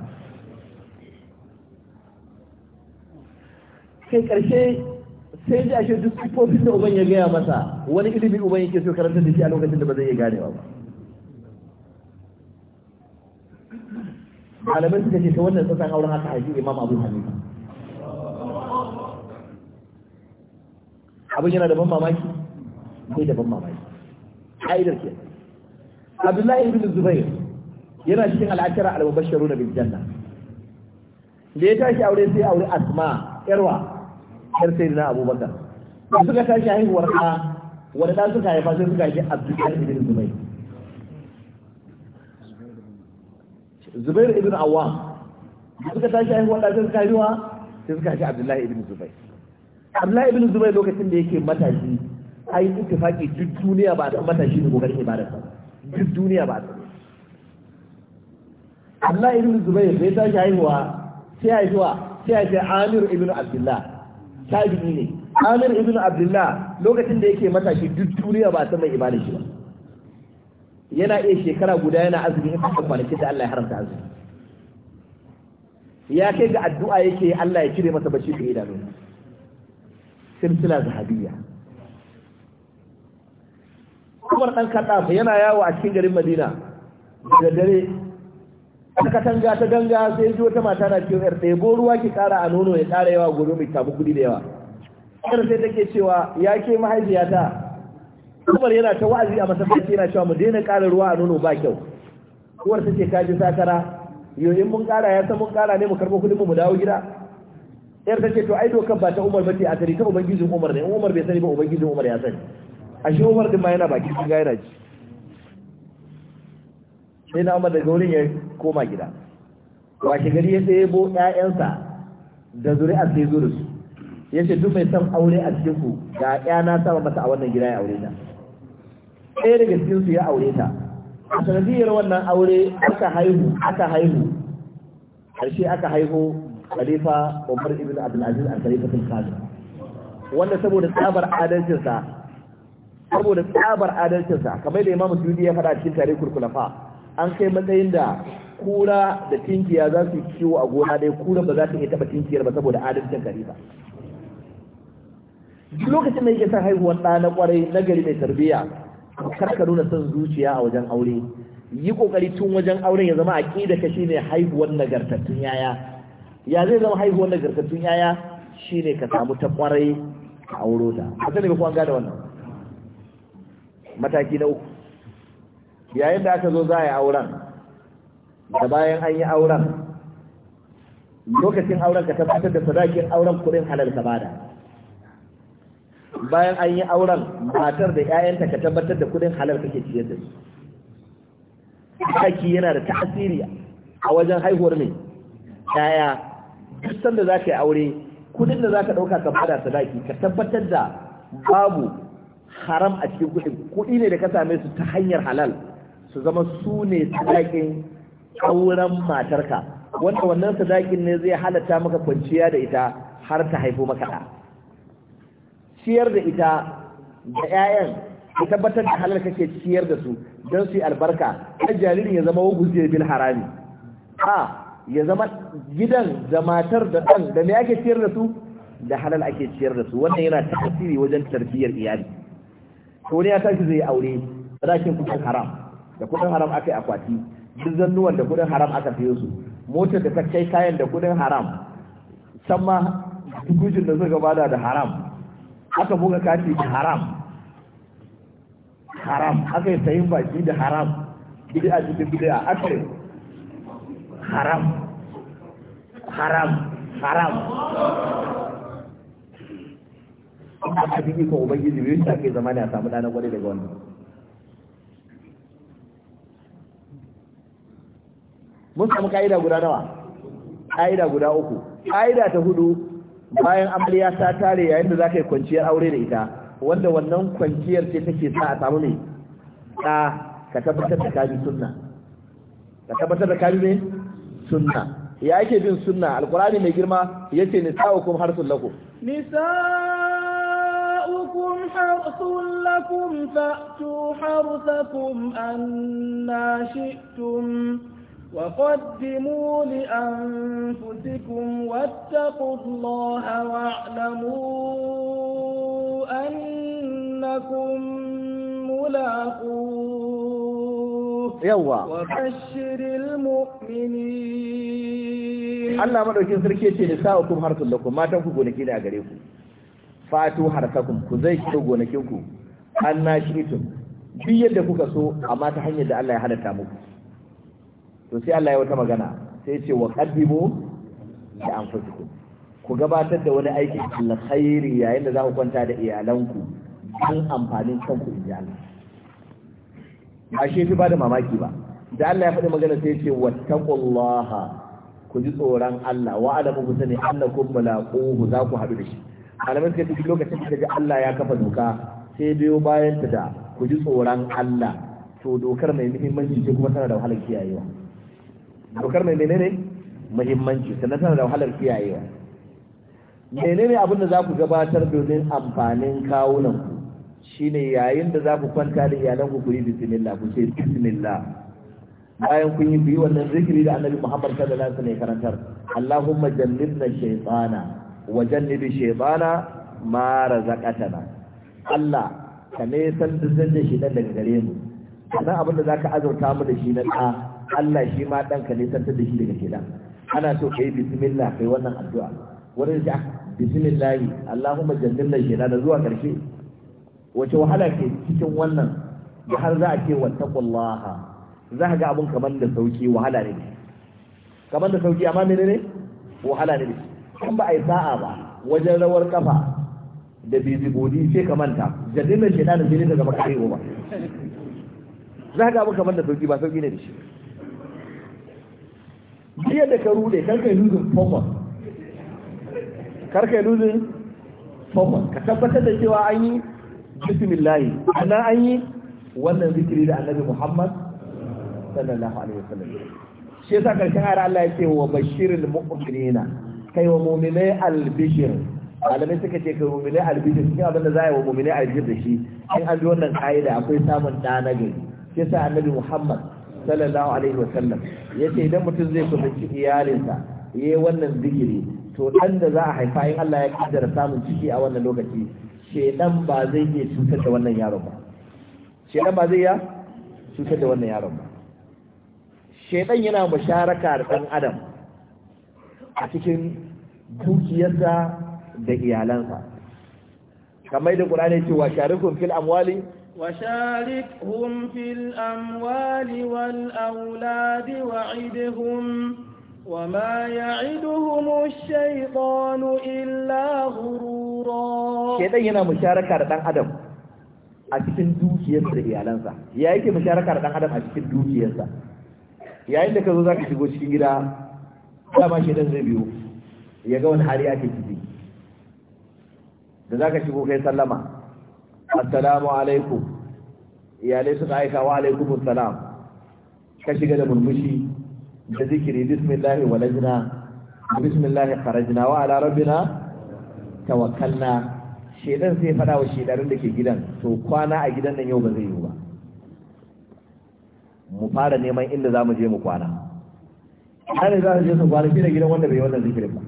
kai karshe sai ji ashe duk kofin da uban ya gaya masa wani ilimi uban yake so karanta da shi a lokacin da ba zai iya ganewa ba malamai suka ce ta wannan sassan auren haka haifi imam abu hanifa abin yana da ban mamaki bai da ban mamaki ƙa'idar ke abdullahi ibn zubair yana cikin al'ashara al-mubashsharuna bil janna da ya tashi aure sai aure asma yarwa yar da abubakar da suka tashi haihuwar ka wanda da suka haifa sai suka haifi abdullahi ibn zubair zubair ibn awam da suka tashi haihuwar da suka haihuwa sai suka haifi abdullahi ibn zubair abdullahi ibn zubair lokacin da yake matashi ai ittifaki duk duniya ba ta matashi ne gogar ibadar ba duk duniya ba ta Abdullahi ibn Zubair bai tashi haihuwa sai haihuwa sai haifi Amir ibn Abdullah tabi'i ne amir ibn abdullah lokacin da yake matashi duk duniya ba ta mai imani shi ba yana iya shekara guda yana azumi in haka kwanakin da Allah ya haramta azumi ya kai ga addu'a yake Allah ya cire masa bacci da idanu silsila zahabiyya Umar dan Kaddaf yana yawo a cikin garin Madina da dare ta katanga ta ganga sai ji wata mata na cewa yar ɗebo ruwa ki ƙara a nono ya ƙara yawa gobe mai tabu kuɗi da yawa yar sai take cewa ya ke mahaifiyata Umar yana ta wa'azi a masallaci yana cewa mu daina ƙara ruwa a nono ba kyau uwar ta ce ji sakara yau in mun ƙara ya san mun ƙara ne mu karɓo kuɗin mu dawo gida yar ta ce to ai dokar ba ta Umar ba ce a tari ta ubangijin Umar ne Umar bai sani ba ubangijin Umar ya sani ashe Umar din ma yana baki sun gaira ji sai na umar daga wurin ya koma gida washe gari ya bo ƴaƴansa da zuri'a sai zo su ya ce duk mai son aure a cikin ku ga ƴana sama mata a wannan gida ya aure ta ɗaya daga cikin su ya aure ta a sanadiyar wannan aure aka haihu aka haihu ƙarshe aka haihu khalifa Umar ibn Abdul Aziz al-Khalifatul Qadir wanda saboda tsabar adalcinsa saboda tsabar adalcinsa kamar da Imam sudi ya faɗa cikin tare kurkulafa an kai matsayin da kura da tinkiya za su kiwo a gona dai kura ba za ta iya taba tinkiyar ba saboda adalcin gari ba lokacin da yake son haihuwar ɗa na kwarai na gari mai tarbiyya kar ka nuna son zuciya a wajen aure yi kokari tun wajen auren ya zama a ƙida ka shine haihuwar nagartattun yaya ya zai zama haihuwar nagartattun yaya shine ka samu ta kwarai a auro ta a sani ba kuwa gane wannan mataki na uku yayin da aka zo za a yi auren da bayan an yi auren lokacin auren ka tabbatar da sadakin auren kudin halal ka bada bayan an yi auren matar da 'ya'yanta ka tabbatar da kudin halal kake ciyar da su haki yana da tasiri a wajen haihuwar mai ɗaya duk sanda za ka yi aure kudin da za ka ɗauka ka bada sadaki ka tabbatar da babu haram a cikin kudin kudi ne da ka same su ta hanyar halal su zama su ne sadakin auren matarka wanda wannan sadakin ne zai halatta maka kwanciya da ita har ta haifo maka da ciyar da ita da 'ya'yan ka tabbatar da halar kake ciyar da su don su yi albarka ta jaririn ya zama wuguje bil harami a ya zama gidan da matar da ɗan da me ake ciyar da su da halal ake ciyar da su wannan yana tasiri wajen tarbiyyar iyali to ne ya tashi zai aure sadakin kuɗin haram da kudin haram aka yi akwati duk zannuwan da kudin haram aka fiye su motar da ta kai kayan da kudin haram san ma tukujin da suka bada da haram aka buga kati da haram haram aka yi sayin baki da haram a cikin bid'a aka yi haram haram haram a cikin ko ubangiji bai shi ake zama ne a samu ɗanar wani daga wannan mun samu ka'ida guda nawa ka'ida guda uku ka'ida ta hudu bayan amarya ta tare yayin da ka yi kwanciyar aure da ita wanda wannan kwanciyar ce take sa a samu ne ta ka tabbatar da kabi sunna ka tabbatar da kabi ne sunna ya ake bin sunna alkurani mai girma hukum nisa'ukum harsul lakum nisa'ukum harsul lakum fa'tu harsakum anna shi'tum وقدموا لأنفسكم واتقوا الله واعلموا أنكم ملاقوه يوا وبشر المؤمنين الله ما دوkin sarki yace da sa'ukum harsul lakum matan ku gonaki ne a gare ku fatu harsakum ku zai ki gonakin ku an tun. bi da kuka so amma ta hanyar da Allah ya halatta muku to sai Allah ya wata magana sai ce wa qaddimu ya anfusikum ku gabatar da wani aikin khairi yayin da za ku kwanta da iyalanku don amfanin kanku in ba Allah fi ba da mamaki ba da Allah ya faɗi magana sai ce wattaqullaha ku ji tsoron Allah wa alamu ku sani annakum mulaquhu za ku haɗu da shi Malamin sai duk lokacin da ji Allah ya kafa doka sai biyo bayan ta da ku ji tsoron Allah to dokar mai muhimmanci ce kuma tana da wahalar kiyayewa dokar mai menene muhimmanci sannan tana da wahalar kiyayewa menene abin da za ku gabatar domin amfanin kawunan ku shine yayin da za ku kwanta da iyalan ku kuri bismillah ku ce bismillah bayan kun yi biyu wannan zikiri da annabi muhammad sallallahu alaihi wasallam ya karantar allahumma jannibna shaytana wa jannibi shaytana ma razaqatana allah ka ne san da shi daga gare mu sannan abin da zaka azurta mu da shi na ka Allah shi ma ɗanka ne ta da shi daga kenan ana so ka yi bismillah kai wannan addu'a wani da ah, bismillah Allahumma jannibna shaytan da zuwa karshe wace wahala ke cikin wannan ya har za a ce wattaqullaha za ka ga abun kamar da sauki wahala ne kamar da sauki amma menene wahala ne in ba a yi sa'a ba wajen rawar kafa da bizibodi sai ka manta jannibna shaytan da sai daga makarewa ba za ka ga abun kamar da sauki ba sauki ne da shi jiya da ka rude kar kai luzin focus kar kai luzin focus ka tabbatar da cewa an yi bismillahi sannan an yi wannan zikiri da annabi muhammad sallallahu alaihi wasallam shi yasa karshen ayar Allah ya ce wa bashirul mu'minina kai wa mu'minai albishir malamai suka ce kai mu'minai albishir cikin abin da za a yi wa mu'minai albishir da shi in an bi wannan ka'ida akwai samun ɗa na gari shi yasa annabi muhammad sallallahu alaihi wasallam ya ce idan mutum zai kusanci iyalinsa ya yi wannan zikiri to ɗan da za a haifa in Allah ya kaddara samun ciki a wannan lokaci ɗan ba zai iya cutar da wannan yaron ba ɗan ba zai iya cutar da wannan yaron ba shedan yana musharaka da ɗan adam a cikin dukiyarsa da iyalansa kamar da ƙura ne wa sharikun fil amwali وشاركهم في الأموال والأولاد وعدهم وما يعدهم الشيطان إلا غرورا شيطان ينا مشاركة دان أدم a cikin dukiyarsa da iyalansa ya adam a cikin dukiyarsa yayin da ka zo za ka shigo cikin gida dama shi dan zai biyo ya ga wani ciki da za ka shigo kai sallama assalamu alaikum iyalai suka aika wa alaikum assalam ka shiga da murmushi da zikiri bismillah walajna bismillah kharajna wa ala rabbina tawakkalna shedan sai fada wa shedarin da ke gidan to kwana a gidan nan yau ba zai yi ba mu fara neman inda za mu je mu kwana har za su je su kwana shi da gidan wanda bai yi wannan zikirin ba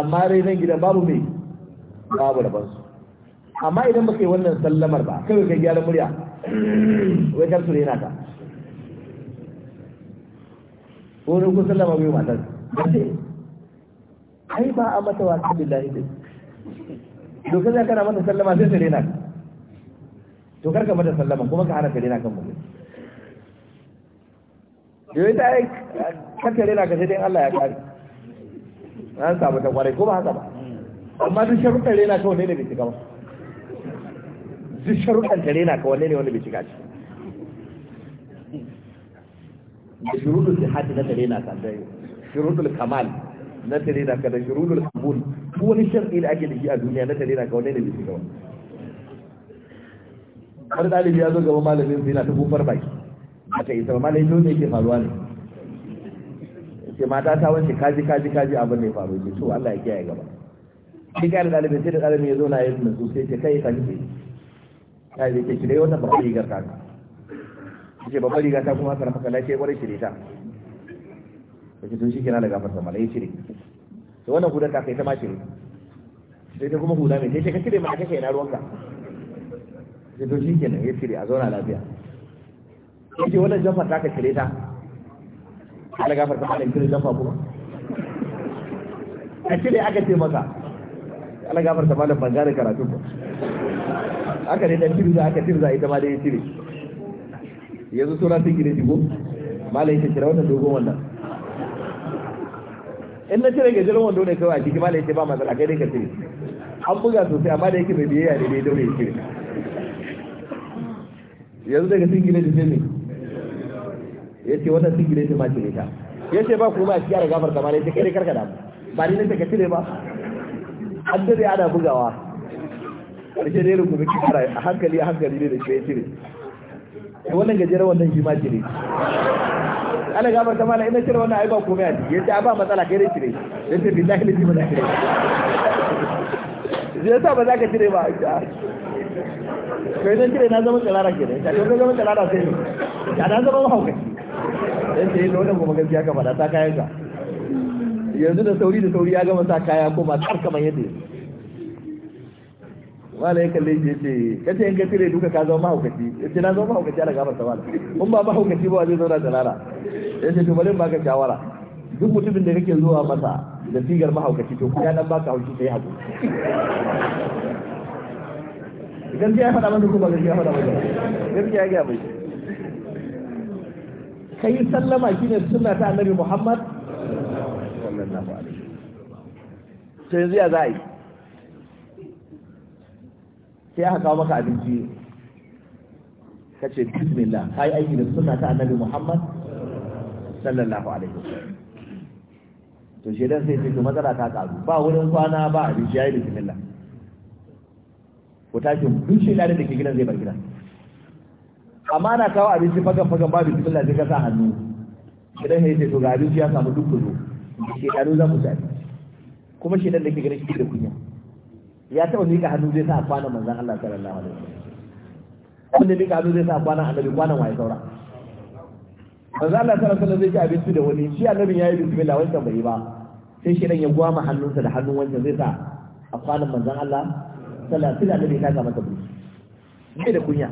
amma dai nan gidan babu mai babu rabansu amma idan baka yi wannan sallamar ba kai ka gyara murya wai kar su rena ka wani ku sallama mai matar ai ba a mata wasu billahi din dokar ya kana mata sallama sai su rena ka to kar ka mata sallama kuma ka hana ka rena kan mutum yau ita ai kakka rena ka sai dai Allah ya kare an samu ta kwarai ko ba haka ba amma duk sharuɗa rena kawai ne da bai shiga ba duk sharuɗan tare na ka wanne ne wanda bai shiga shi da shuruɗul jihadi na tare na ka da shuruɗul kamal na tare na ka da shuruɗul kabul duk wani sharɗi da ake da shi a duniya na tare na ka wanne ne bai shiga wani ɗalibi ya zo gaba malamin sai na ta kofar baki aka isa ba malamin ne yake faruwa ne ce mata ta wance kaji kaji kaji abin da ya faru ce to Allah ya kiyaye gaba shi ga dalibin sai da dalibin ya zo na yin nasu sai ce kai ka ji ta yi ke shirye wannan babbar rigar ta ta ce babbar rigar ta kuma karfa kala ce kwarai shirye ta ta ce tun shi kina da gafar sama ya shirye to wannan hudar ta kai ta ma shirye sai ta kuma huda mai ce ka cire mana kake na ruwanka ta to shi kina ya shirye a zauna lafiya ya ce wannan jamfar ta ka shirye ta ala gafar sama da kire jamfa kuma a cire aka ce maka ala gafar sama da bangaren karatu ba aka ne dan tirza aka tirza ita ma dai tire yanzu sura sun gire jigo ko malai ta kira wannan dogon wannan in na ga gajeren wando ne kawai a ciki malai ce ba matsala kai dai ka tire an buga sosai amma da yake bai biyayya ne dai daure ya tire yanzu daga sun gire jigo ne ya ce wannan sun gire shi ma cire ta ya ce ba kuma a cikin gafarta malai ce kai dai karka damu ba ni na ka cire ba an dade ana bugawa karshe dai rukuni kifara a hankali a hankali ne da shi ya cire wannan gajiyar wannan shi ma cire ana gabar ta mana ina cire wannan aiba ba komai a ciki yace ba matsala kai dai cire ya yace billahi lazi jima na cire zai sa ba za ka cire ba a kai zan cire na zama tsirara ke da shakar zan zama tsirara sai ya na zama mahaukaci dan sai da wannan kuma gaskiya ka faɗa ta kayan ka yanzu da sauri da sauri ya gama sa kaya ko ba tsar kamar yadda malai kalle shi yace kace in ka tire duka ka zama mahaukaci yace na zama mahaukaci ala gabar sa wala in ba mahaukaci ba zai zauna dalala yace to bari baka shawara duk mutumin da kake zuwa masa da sigar mahaukaci to ya dan baka hauki sai hagu idan ya faɗa masa kuma gaskiya ya faɗa masa idan ya ga mai kai sallama shine sunna ta annabi Muhammad sallallahu alaihi wasallam sai yanzu ya za yi sai aka kawo maka abinci ka ce bismillah ka yi aiki da suna ta annabi muhammad sallallahu alaihi wasallam to dan sai ce kuma zara ta karu ba wurin kwana ba abinci ya yi bismillah ko ce duk shi da da ke gidan zai bar gidan amma na kawo abinci fagan fagan ba bismillah sai ka sa hannu idan sai ce to ga abinci ya samu duk da shedanu za ku ci abinci kuma dan da ke gidan shi da kunya ya taɓa miƙa hannu zai sa kwanan manzan Allah sallallahu alaihi wasallam wanda miƙa hannu zai sa kwanan annabi kwanan waye saura manzan Allah sallallahu alaihi wasallam zai ci abinci da wani shi annabin yayi bismillah wancan bai yi ba sai shi dan ya gwama hannunsa da hannun wancan zai sa a kwanan manzan Allah sallallahu alaihi wasallam ta ga masa buci bai da kunya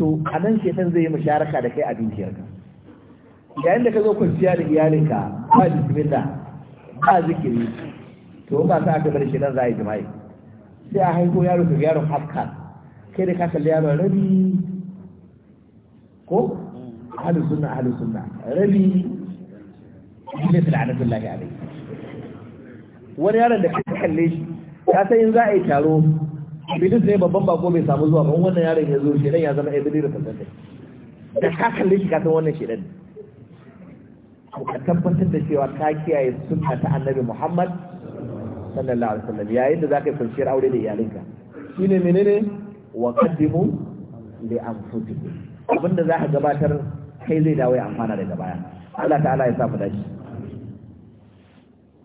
to a nan shetan zai yi musharaka da kai a dukiyarka yayin da ka zo kwanciya da iyalinka ba bismillah ba zikiri to ba sa aka bari shi nan za a yi jima'i sai a haiko yaro ka yaron haska kai da ka kalli yaron rabi ko ahalu sunna ahalu sunna rabi illa la'natullahi alayhi wani yaron da ka kalle shi ka san in za a yi taro Iblis ne babban bako bai samu zuwa ba wannan yaron ya zo shi ya zama Iblis da fasanta da ka kalle shi ka san wannan shedan ka tabbatar da cewa ka kiyaye sunna ta Annabi Muhammad sallallahu alaihi wasallam yayin da zaka kwanciyar aure da iyalinka shine menene wa qaddimu li anfusikum abinda za ka gabatar kai zai dawo ya amfana daga baya Allah ta'ala ya sa mu dace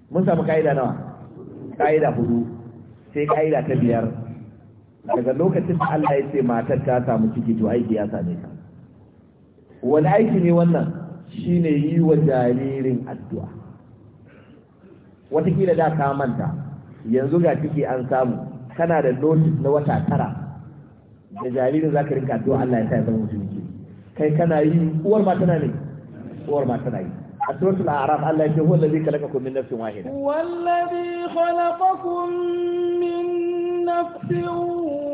mun samu kaida nawa kaida hudu sai kaida ta biyar daga lokacin da Allah ya ce matar ta samu ciki to aiki ya same ka wani aiki ne wannan shine yi wa jaririn addu'a kila da ka manta yanzu ga ciki an samu kana da notice na wata tara da jaririn za ka rinka addu'a Allah ya sa ya zama mutum kai kana yi uwar ma tana ne uwar ma tana yi a suratul a'raf Allah ya ce huwa allazi khalaqakum min nafsin wahida wallazi khalaqakum min nafsin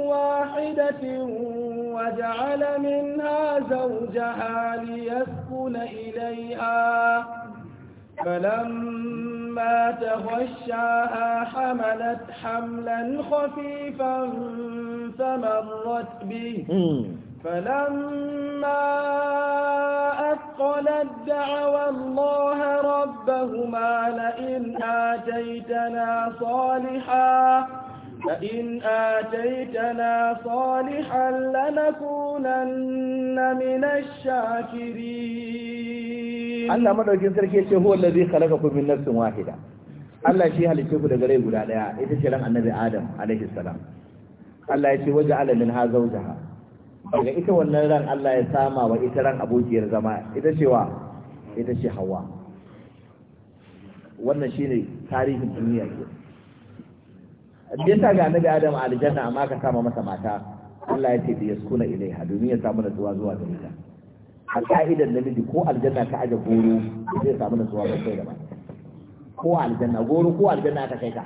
wahidatin وجعل منها زوجها ليسكن إليها فلما تغشاها حملت حملا خفيفا فمرت به فلما أثقلت دعوى الله ربهما لئن آتيتنا صالحا لئن آتيتنا صالحا لنكونن من الشاكرين Allah madaukin sarki yace huwa allazi khalaqakum min nafsin wahida Allah shi halice ku daga rai guda daya ita ce ran annabi Adam alaihi salam Allah yace min ha zawjaha daga ita wannan ran Allah ya sama wa ita ran abokiyar zama ita ce wa ita ce Hawwa wannan shine tarihin duniya ke Jinta ga annabi Adam a aljanna amma ka sama masa mata Allah ya ce bi yaskuna ilaiha domin ya samu da zuwa ta ita a ka'idar namiji ko aljanna ka aje goro zai samu nasuwa ba kai da ba ko aljanna goro ko aljanna aka kai ka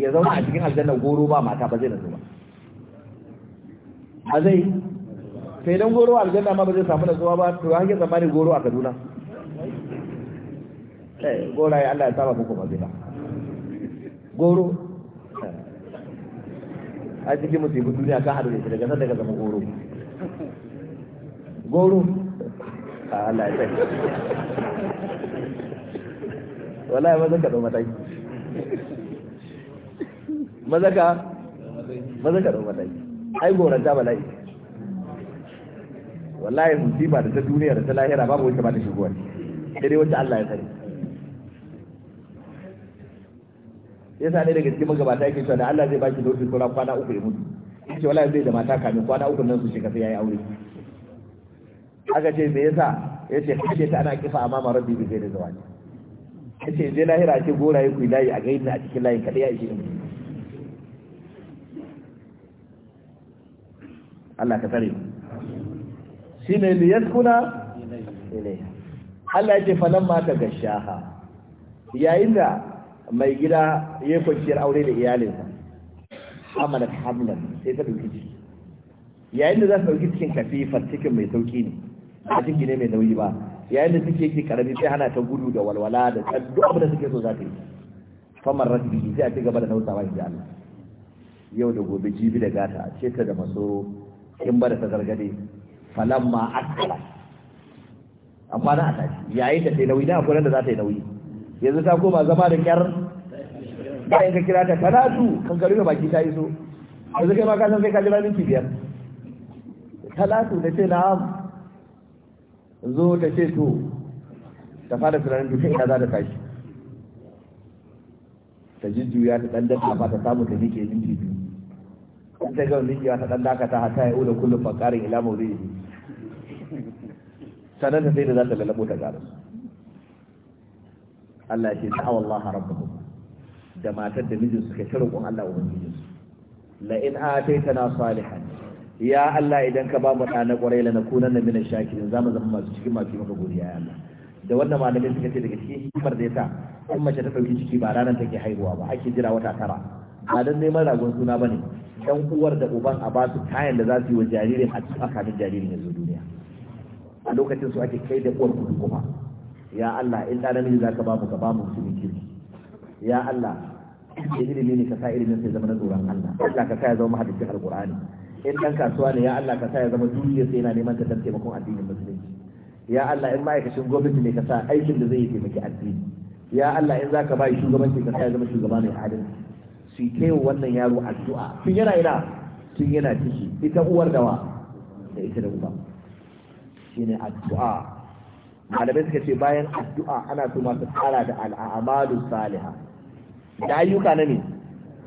ya zama a cikin aljanna goro ba mata ba zai nasu ba ba zai sai dan goro aljanna ma ba zai samu nasuwa ba to hanyar tsammanin goro a kaduna eh, goraye Allah ya saba muku mazina goro eh. a cikin musibin duniya ka hadu da shi daga san daga zama goro goro a wala ya mazaka ɗau mataki maza ka ɗau mataki ai goranta bala'i wallahi musiba da ta duniya da ta lahira babu wacce ba ta shigowa sai dai wacce Allah ya sani ya sa ne daga cikin magabata yake cewa da Allah zai baki lokacin sauran kwana uku ya mutu yace wallahi zai da mata kamin kwana uku nan su shiga sai yayi aure aka ce me yasa yace kace ta ana kifa amma ma rabbi bai da zawani yace je lahira ce goraye ku layi a gaidin a cikin layin kada ya ishe ni Allah ka tsare shine liyaskuna ilayha Allah yake falan ma ta gashaha yayin da mai gida ya kwanciyar aure da iyalinsa hamalat hamlan sai ta dauki ciki yayin da za ta dauki cikin kafifar cikin mai sauki ne ba jirgi ne mai nauyi ba yayin da suke yake karami sai hana ta gudu da walwala da duk abin da suke so za ta yi famar rasbi sai a ci gaba da ba in Allah yau da gobe jibi da gata a ce ta da maso in ba da ta gargade ma akala amma na ta yayin da ta yi nauyi da akwai da za ta yi nauyi yanzu ta koma zama da kyar bayan ka kira ta tana su kankaru da baki ta iso yanzu kai ma ka san sai ka jira minti biyar talatu da ce na'am zo ta ce to ta fara tunanin dukkan ina za ta tashi ta jujjuya ta ɗan dafa ba ta samu ta jike minti biyu in ta ga mijiya ta ɗan dakata hata ya ula kullum fakarin ila mauri sanar ta sai da za ta lalabo ta gara Allah ya ce ta'awa Allah rabbahu da matar da mijin suka shirin kun Allah ubangijinsu la in ataitana salihan ya Allah idan ka ba mu da na kwarai lana kunan na minan shakirin za mu zama masu cikin masu maka godiya ya Allah da wannan malamin suka ce daga cikin hikimar da ya sa in mace ta ɗauki ciki ba ranar take haihuwa ba ake jira wata tara ba dan neman ragon suna ba ne ɗan uwar da uban a ba su kayan da za su yi wa jaririn a cikin akamin jaririn ya zo duniya a lokacin su ake kai da uwar kudu kuma ya Allah in ɗan namiji za ka ba mu ka ba mu mutumin kirki ya Allah ilimi ne ka sa ilimin sai zama na tsoron Allah Allah ka sa ya zama mahaddacin alƙur'ani in dan kasuwa ne ya Allah ka sa ya zama duniya sai yana neman ta taimakon addinin musulunci ya Allah in ma'aikacin gwamnati ne ka sa aikin da zai yi taimaki addini ya Allah in zaka ba shugabanci ka sa ya zama shugaba mai adalci su yi wannan yaro addu'a tun yana ina tun yana ciki ita uwar dawa da ita da uba shine addu'a malamai suka ce bayan addu'a ana so masu tsara da al'amalu saliha da ayyuka na ne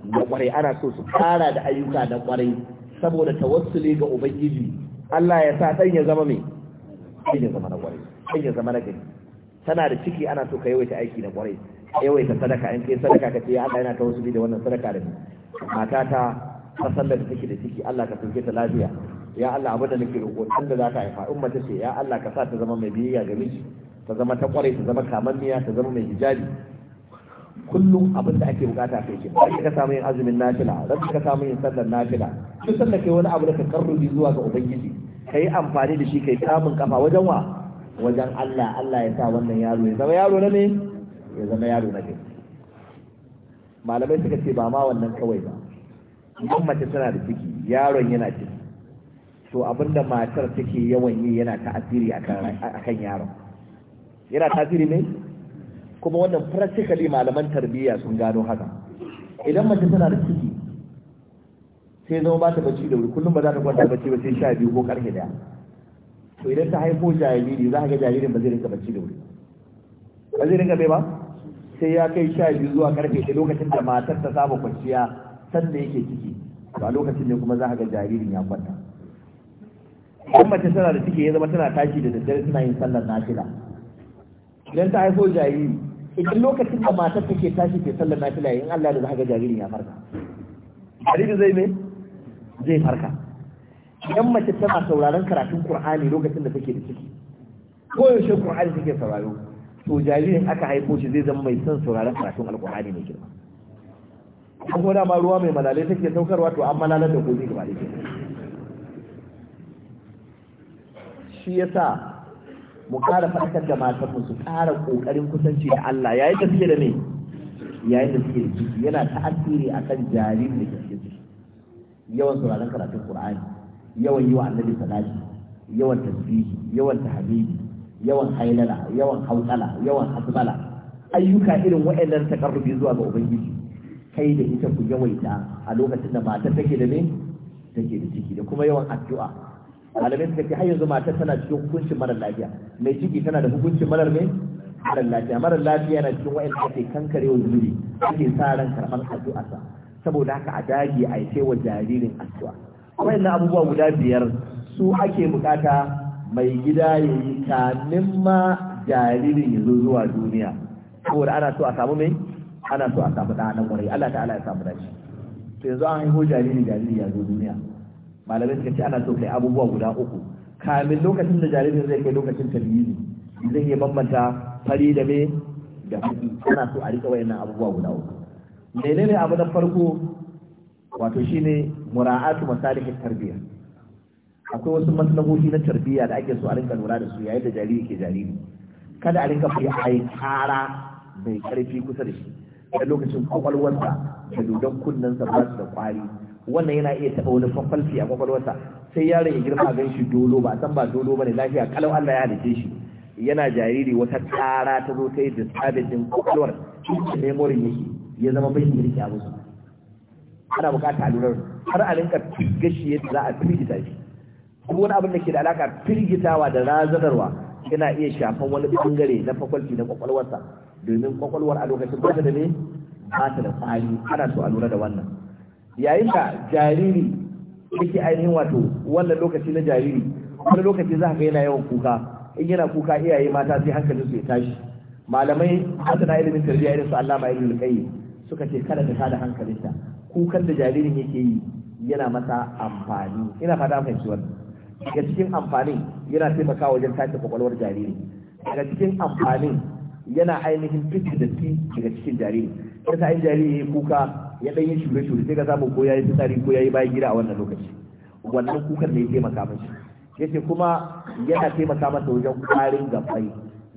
da kwarai ana so su tsara da ayyuka na kwarai saboda tawassuli ga ubangiji Allah ya sa dan ya zama mai dan ya zama na kwarai dan ya zama na gari tana da ciki ana so ka yawaita aiki na kwarai yawaita sadaka in kai sadaka ka ce ya Allah yana tawassuli da wannan sadaka da ni matata ta sallar take da ciki Allah ka sauke ta lafiya ya Allah abin da nake roƙo tun da za ta haifa in mace ce ya Allah ka sa ta zama mai biyayya ga miji ta zama ta kwarai ta zama kamammiya ta zama mai hijabi kullum abin da ake bukata kai ce sai ka samu yin azumin nafila rabbi ka samu yin sallar nafila duk sallar kai wani abu da ka karrubi zuwa ga ubangiji kai amfani da shi kai samun kafa wajen wa wajen Allah Allah ya sa wannan yaro ya zama yaro na ne ya zama yaro na ne malamai suka ce ba ma wannan kawai ba idan mace tana da ciki yaron yana ciki to abinda matar take yawan yi yana ta'asiri akan yaron yana tasiri ne kuma wannan practically malaman tarbiyya sun gano haka idan mace tana da ciki sai zama ba ta bacci da wuri kullum ba za ta kwanta bacci ba sai sha biyu ko karfe daya to idan ta haifo jariri za ka ga jaririn ba zai rinka bacci da wuri ba zai rinka bai ba sai ya kai sha biyu zuwa karfe ɗaya lokacin da matar ta saba kwanciya sanda yake ciki to a lokacin ne kuma za ka ga jaririn ya kwanta idan mace tana da ciki ya zama tana tashi da daddare tana yin sallar nafila idan ta haifo jariri idan lokacin da matar take tashi ke sallar na nafila in Allah da za ga jaririn ya farka jaririn zai me zai farka idan mace tana sauraron karatun Qur'ani lokacin da take da ciki ko yaushe Qur'ani take sauraro to jaririn aka haifo shi zai zama mai son sauraron karatun Al-Qur'ani mai girma an ko ma ruwa mai malalai take saukarwa to an malalar da gobe gaba da shi yasa mu ƙara faɗakar da matanmu su ƙara ƙoƙarin kusanci da Allah yayin da suke da me yayin da suke da ciki yana ta'asiri akan jariri da ke ciki yawan sauraron karatun Qur'ani yawan yi wa annabi salati yawan tasbihi yawan tahmidi yawan hailala yawan haukala, yawan hasbala ayyuka irin waɗannan takarrubi zuwa ga ubangiji kai da ita ku yawaita a lokacin da mata take da me take da ciki da kuma yawan addu'a malamai suka ce har yanzu mata tana cikin hukuncin marar lafiya mai ciki tana da hukuncin marar mai marar lafiya marar lafiya na cikin wa'in ake kankare wa zuri ake sa ran karɓar addu'a sa saboda haka a dage a yi wa jaririn addu'a na abubuwa guda biyar su ake bukata mai gida ya yi kamin ma jaririn ya zo zuwa duniya saboda ana so a samu mai ana so a samu ɗanan ƙwarai Allah ta'ala ya samu dace to yanzu an haihu jariri jariri ya zo duniya malamai suka ce ana so kai abubuwa guda uku kamin lokacin da jaririn zai kai lokacin tarbiyyi zai iya bambanta fari da me da kuɗi ana so a rika wayannan abubuwa guda uku menene abu na farko wato shine mura'atu masalihin tarbiyya akwai wasu maslahohi na tarbiyya da ake so a rinka lura da su yayin da jariri ke jariri kada a rinka fi a mai karfi kusa da shi a lokacin kwakwalwarsa da dodon kunnensa ba su da kwari wannan yana iya taɓa wani fafalfi a kwakwalwarsa sai yaron ya girma gan shi dolo ba san ba dolo ba ne lafiya kalau Allah ya halice shi yana jariri wata tsara ta zo ta yi disturbance din kwakwalwar cikin memory yake ya zama bai girki a su. ana bukata a lura har a rinka gashi yadda za a firgita shi duk wani abin da ke da alaka firgitawa da razanarwa yana iya shafan wani bangare na fakwalci na kwakwalwarsa domin kwakwalwar a lokacin ba ta da ne ba ta da tsari ana so a lura da wannan yayin da jariri yake ainihin wato wannan lokaci na jariri wani lokaci za ka yana yawan kuka in yana kuka iyaye mata sai hankalin su ya tashi malamai masana ilimin tarbiyya irin su Allama ilimin kai suka ce kada ta tada hankalinta kukan da jaririn yake yi yana masa amfani ina fata fahimci wannan daga cikin amfanin yana taimakawa wajen tace kwakwalwar jariri daga cikin amfanin yana ainihin fitar da daga cikin jariri sai ta in jariri ya kuka ya ɗanyi shure shure sai ka samu ko yi fitsari ko yi bayan gida a wannan lokaci wannan kukan ne ya taimaka mashi ce kuma yana taimaka masa wajen kwarin gabai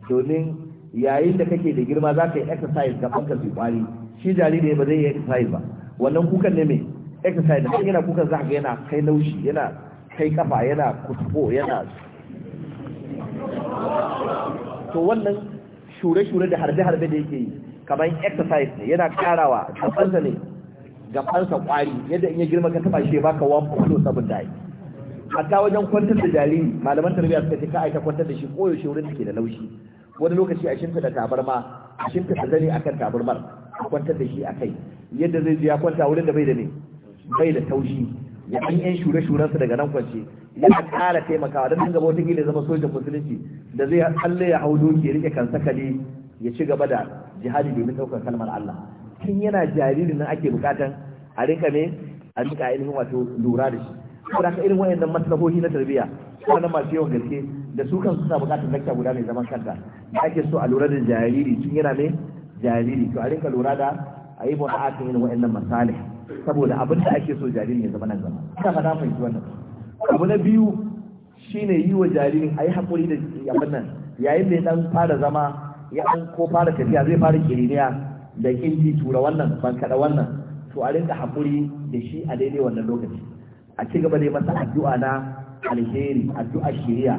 domin yayin da kake da girma za ka yi exercise ga ka su kwari shi jariri ba zai yi exercise ba wannan kukan ne mai exercise da yana kukan za ka yana kai naushi yana kai kafa yana kuspo yana to wannan shure-shure da harbe-harbe da yake yi kamar exercise ne yana karawa gabansa ne gabansa kwari yadda in ya girma ka taba shi baka saboda dai hatta wajen kwantar da jariri malaman tarbiyya suka ce ka aika kwantar da shi yaushe wurin da ke da laushi wani lokaci a shimfida tabarma a da zane akan tabarmar a kwantar da shi a kai yadda zai ji ya kwanta wurin da bai da ne bai da taushi ya an yan shure shurensa daga nan kwance yana ƙara taimakawa don dinga wata gida zama sojan musulunci da zai halle ya hau doki ya rike kansa kale ya ci gaba da jihadi domin daukar kalmar Allah tun yana jariri nan ake bukatan a rinka ne a rinka ainihin wato lura da shi da haka irin wayannan maslahohi na tarbiyya na masu yawan gaske da su kan suna bukatan lakta guda mai zaman kanta da ake so a lura da jariri tun yana ne jariri to a rinka lura da a yi mawa akan irin wayannan masalih saboda abin da ake so jariri ya zama nan zama ina fata fahimci wannan abu na biyu shine yi wa jaririn a yi haƙuri da abin nan yayin da ya dan fara zama ya ko fara tafiya zai fara kiriniya da ji tura wannan ban kada wannan to a rinka haƙuri da shi a daidai wannan lokaci a ci gaba da masa addu'a na alheri addu'a shiriya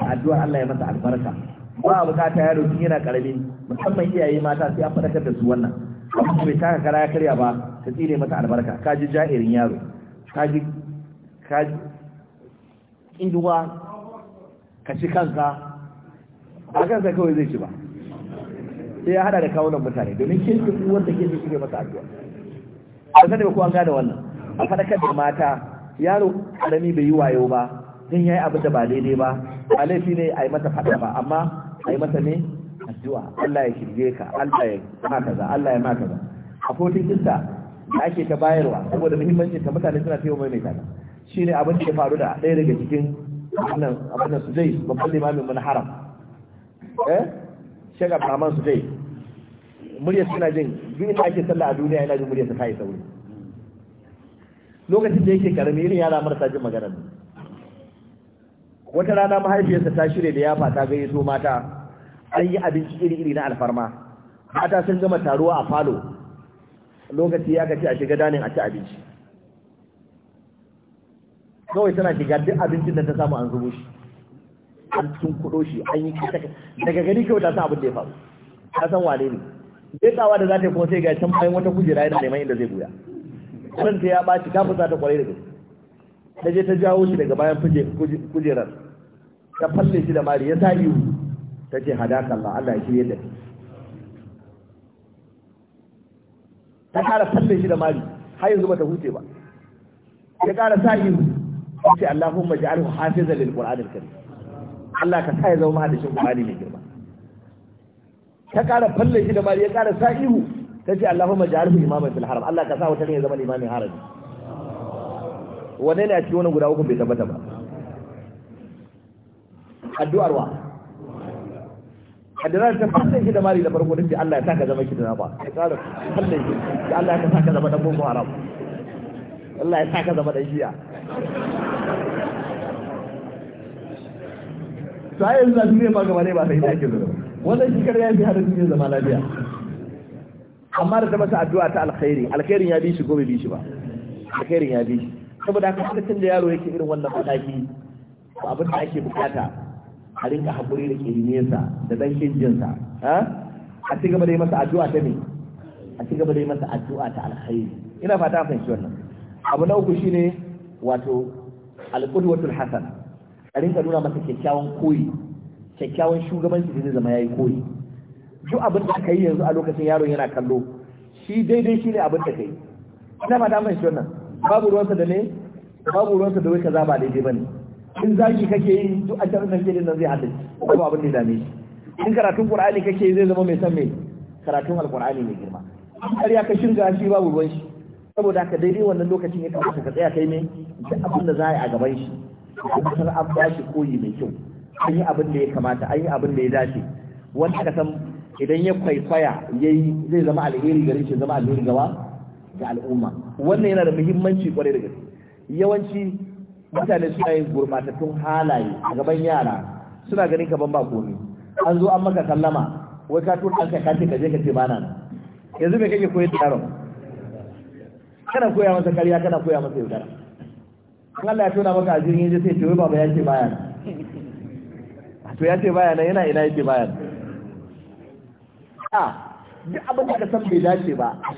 addu'ar Allah ya masa albarka ba a bukata yaro tun yana karami musamman iyaye mata sai an faɗakar da su wannan amma bai taka kara ya karya ba ka tsire masa albarka ka ji ja'irin yaro ka ji ka ji duwa ka ci kanka a kansa kawai zai ci ba sai ya hada da kawunan mutane domin kirkin uwar da kirkin shirya masa addu'a ba sani ba ko an gane wannan a fadakar da mata yaro karami bai yi wayo ba din yayi abin da ba daidai ba a laifi ne a yi masa fada ba amma a yi masa ne addu'a Allah ya shirye ka Allah ya ma kaza Allah ya ma kaza a kotun kinta da ake ta bayarwa saboda muhimmanci ta mutane suna ta mai mai Shi ne abin da ya faru da ɗaya daga cikin wannan abin da su zai babban limamin mun haram eh shaga Abdurrahman su dai murya suna jin duk inda ake sallah a duniya yana jin murya ta kai sauri lokacin da yake karami irin yara marasa jin magana ne wata rana mahaifiyarsa ta shirya da yafa ta gayyato mata an yi abinci iri-iri na alfarma mata sun gama taruwa a falo lokaci ya gaci a shiga danin a ci abinci kawai tana shiga duk abincin da ta samu an zubo shi an tun kudo shi an yi kasa daga gari kyau ta sa abin da ya faru ta san wane ne zai tsawa da za ta yi kuma sai ga can bayan wata kujera yana neman inda zai buya ta ya ɓaci ta fusa ta kwarai da gaske ta je ta jawo shi daga bayan kujerar ta falle shi da mari ya sa ihu ta ce hadaka Allah Allah ya shirye yadda ta kara falle shi da mari har yanzu ta huce ba ya kara sa ihu ta ce Allahumma ja'alhu hafizan lil qur'anil karim Allah ka sa ya zama mahadashin Qur'ani mai girma ta ƙara falle shi da mari ya ƙara sa ihu ta ce Allahumma ja'alhu imaman fil haram Allah ka sa wata ne ya zama limamin haram. wanne ne a cikin wani guda uku bai tabbata ba addu'ar wa addu'ar ta falle shi da mari da farko ta ce Allah ya sa ka zama kidana ba ya ƙara falle shi Allah ya sa ka zama dan boko haram Allah ya sa ka zama dan shiya to ai yanzu a duniya ma gaba ne ba sai ake zama wannan shi kar ya fi hada duniya zama lafiya amma da ta masa addu'a ta alkhairi alkhairin ya bi shi ko bi shi ba alkhairin ya bi shi saboda haka lokacin da yaro yake irin wannan mataki abin da ake bukata a rinka haƙuri da kiriniyarsa da dan kinjinsa a ci gaba da yi masa addu'a ta ne a ci gaba da yi masa addu'a ta alkhairi ina fata a fahimci wannan abu na uku shine wato alƙudwatul hasana a rinka nuna masa kyakkyawan koyi kyakkyawan shugabanci da zai zama yayi koyi duk abin da aka yi yanzu a lokacin yaron yana kallo shi daidai shine abin da kai ina ma damar shi wannan babu ruwansa da ne babu ruwansa da wai kaza ba daidai bane in zaki kake yi duk a cikin din nan zai haddace babu abin da ya dame shi in karatun qur'ani kake zai zama mai san mai karatun alqur'ani mai girma in kariya ka shirga shi babu ruwan shi saboda haka daidai wannan lokacin ya kamata ka tsaya kai mai duk abin da za a yi a gaban shi kuma har an ba shi koyi mai kyau an yi abin da ya kamata an yi abin da ya dace wanda ka san idan ya kwaikwaya yayi zai zama alheri gare shi zama alheri gawa ga al'umma wannan yana da muhimmanci kwarai da gaske yawanci mutane suna yin gurbatattun halaye a gaban yara suna ganin kaman ba komai an zo an maka sallama wai ka tura ka kace ka je ka ce ba nan yanzu me kake koyar da yaron kana koya masa karya kana koya masa yaudara an Allah ya tona maka ajiyar yanzu sai ce wai baba ya ce baya to ya ce baya nan yana ina yake baya a ah, duk abin da ka san bai dace ba a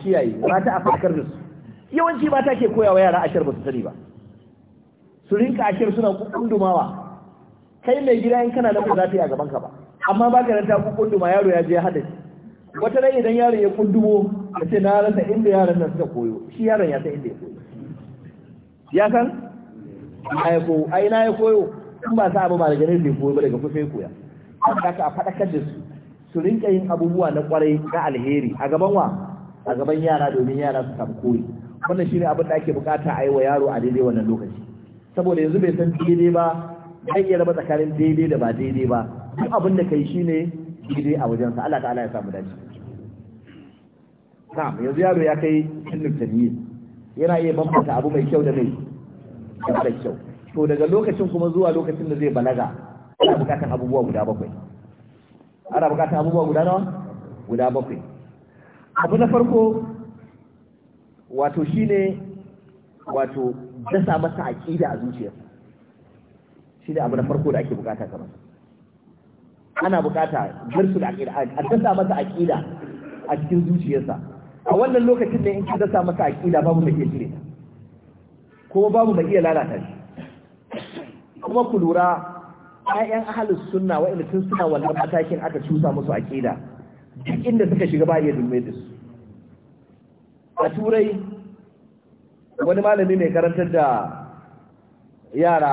ba ta a fakar da su yawanci ba ta ke koyawa yara ashir ba su sani ba su rinka ashir suna dumawa kai mai gida in kana nan ba za ta yi a gaban ka ba amma ba ka nan ta duma yaro ya je hada shi wata nan idan yaro ya kundumo a ce na rasa inda yaran nan suka koyo shi yaron ya san inda ya koyo ya san ai ko ai na ya koyo in ba sa abu ba daga nan bai koyo ba daga kusa ya koya haka a faɗakar da su su rinka yin abubuwa na kwarai na alheri a gaban wa a gaban yara domin yara su samu koyi wannan shine abin da ake bukata a yi wa yaro a daidai wannan lokaci saboda yanzu bai san daidai ba zai iya raba tsakanin daidai da ba daidai ba duk abin da kai shine daidai a wajensa Allah ta'ala ya samu dace na'am yanzu yaro ya kai sinnin tanyi yana iya bambanta abu mai kyau da mai da kyau to daga lokacin kuma zuwa lokacin da zai balaga ana bukatar abubuwa guda bakwai ana bukatar abubuwa guda nawa guda bakwai abu na farko wato shine wato dasa masa aqida a zuciyarsa shine abu na farko da ake bukata kamar ana bukata girsu da aqida a dasa masa aqida a cikin zuciyarsa a wannan lokacin ne in ka dasa masa aqida babu da ke cire ko babu mai iya lalata shi kuma ku lura ayyan ahlus sunna wa'inda ilmin suna wannan matakin aka cusa musu aqida duk inda suka shiga ba ya dume da su a turai wani malami mai karantar da yara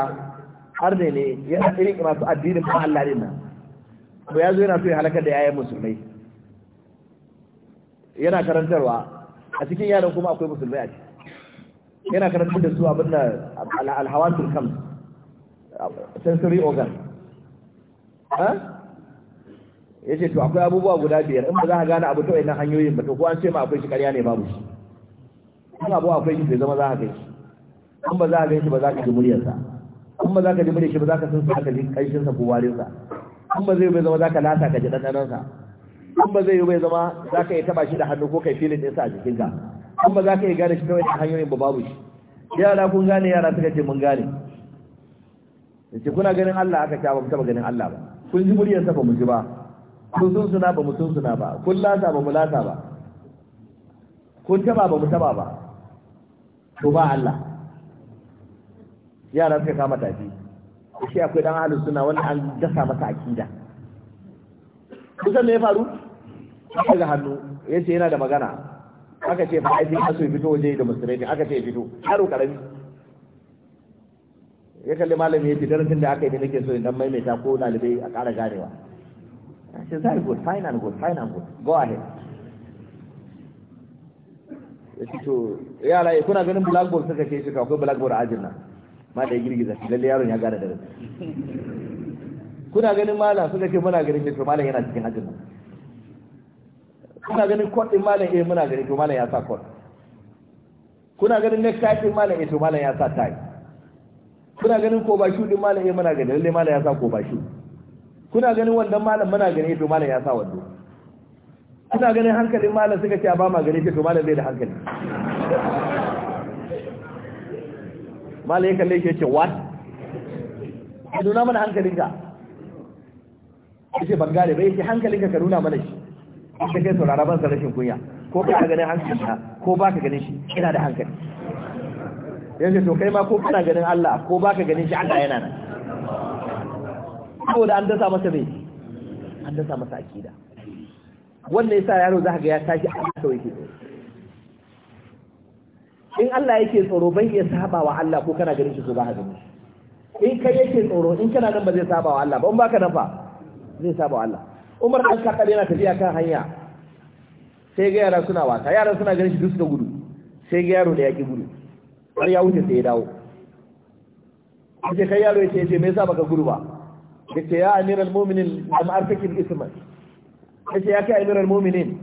har ne ne yana irin masu addinin ba Allah din nan to ya zo yana so ya halakar da yayan musulmai yana karantarwa a cikin yaran kuma akwai musulmai a ciki yana karantar da su abin da alhawatul kam sensory organ ya ce to akwai abubuwa guda biyar in ba za ka gane abu ta wayannan hanyoyin ba to ko an ce ma akwai shi karya ne babu shi in abu akwai shi bai zama za ka kai shi in ba za ka gan shi ba za ka ji muryarsa in ba za ka ji muryar shi ba za ka san sa ka ji kanshin sa ko warin sa in ba zai bai zama za ka lasa ka ji dandanan sa in ba zai bai zama za ka yi taba shi da hannu ko kai filin ɗinsa a jikinka an ba za ka yi gane shi kawai hanyoyin ba babu shi yara kun gane yara suka ce mun gane ce kuna ganin Allah aka sha ba taba ganin Allah ba kun ji muryar sa ba mu ji ba kun sun suna ba mu sun suna ba kun lasa ba mu lasa ba kun taba ba mu taba ba to ba Allah yara suka kama tafi shi akwai dan ahlus suna wanda an dasa masa akida kusan me ya faru daga hannu yana da magana aka ce ba aiki aso fito waje da musulmi aka ce fito karo karami ya kalli malami ya ce darasin da aka yi nake so idan maimaita ko dalibai a ƙara ganewa shi zai good fine and good fine and good go ahead ya ce to yara ya kuna ganin blackboard suka ce shi kawai blackboard ajin nan ma da ya girgiza lalle yaron ya gane darasi kuna ganin malam suka ce muna ganin shi to malam yana cikin ajin nan kuna ganin kot din malam eh muna gani to malam ya sa kot kuna ganin necktie din malam eh to malam ya sa tai kuna ganin ko bashu din malam eh muna gani lalle malam ya sa ko bashu kuna ganin wannan malam muna gani to malam ya sa wando kuna ganin hankalin malam suka ce a ba ma gani to malam bai da hankali malam ya kalle shi ya ce what ka nuna mana hankalinka ka ce ban gane ba ya ce hankalinka ka nuna mana shi in ka kai saurara ban sa rashin kunya ko kana ganin hankali na ko baka ganin shi ina da hankali yanzu to kai ma ko kana ganin Allah ko baka ganin shi Allah yana nan saboda an dasa masa bai an dasa masa akida wannan yasa yaro za ga ya tashi a kawai ke in Allah yake tsoro ban iya saba wa Allah ko kana ganin shi ko ba ganin shi in kai yake tsoro in kana nan ba zai saba wa Allah ba in baka nan fa zai saba wa Allah umar ɗan kakar yana tafiya kan hanya sai ga yara suna wasa yaran suna ganin shi duk da gudu sai ga yaro da ya gudu har ya wuce sai ya dawo sai kai yaro ya ce me yasa baka gudu ba yace ya amiral mu'minin lam arfaki al-isma yace ya kai amiral mu'minin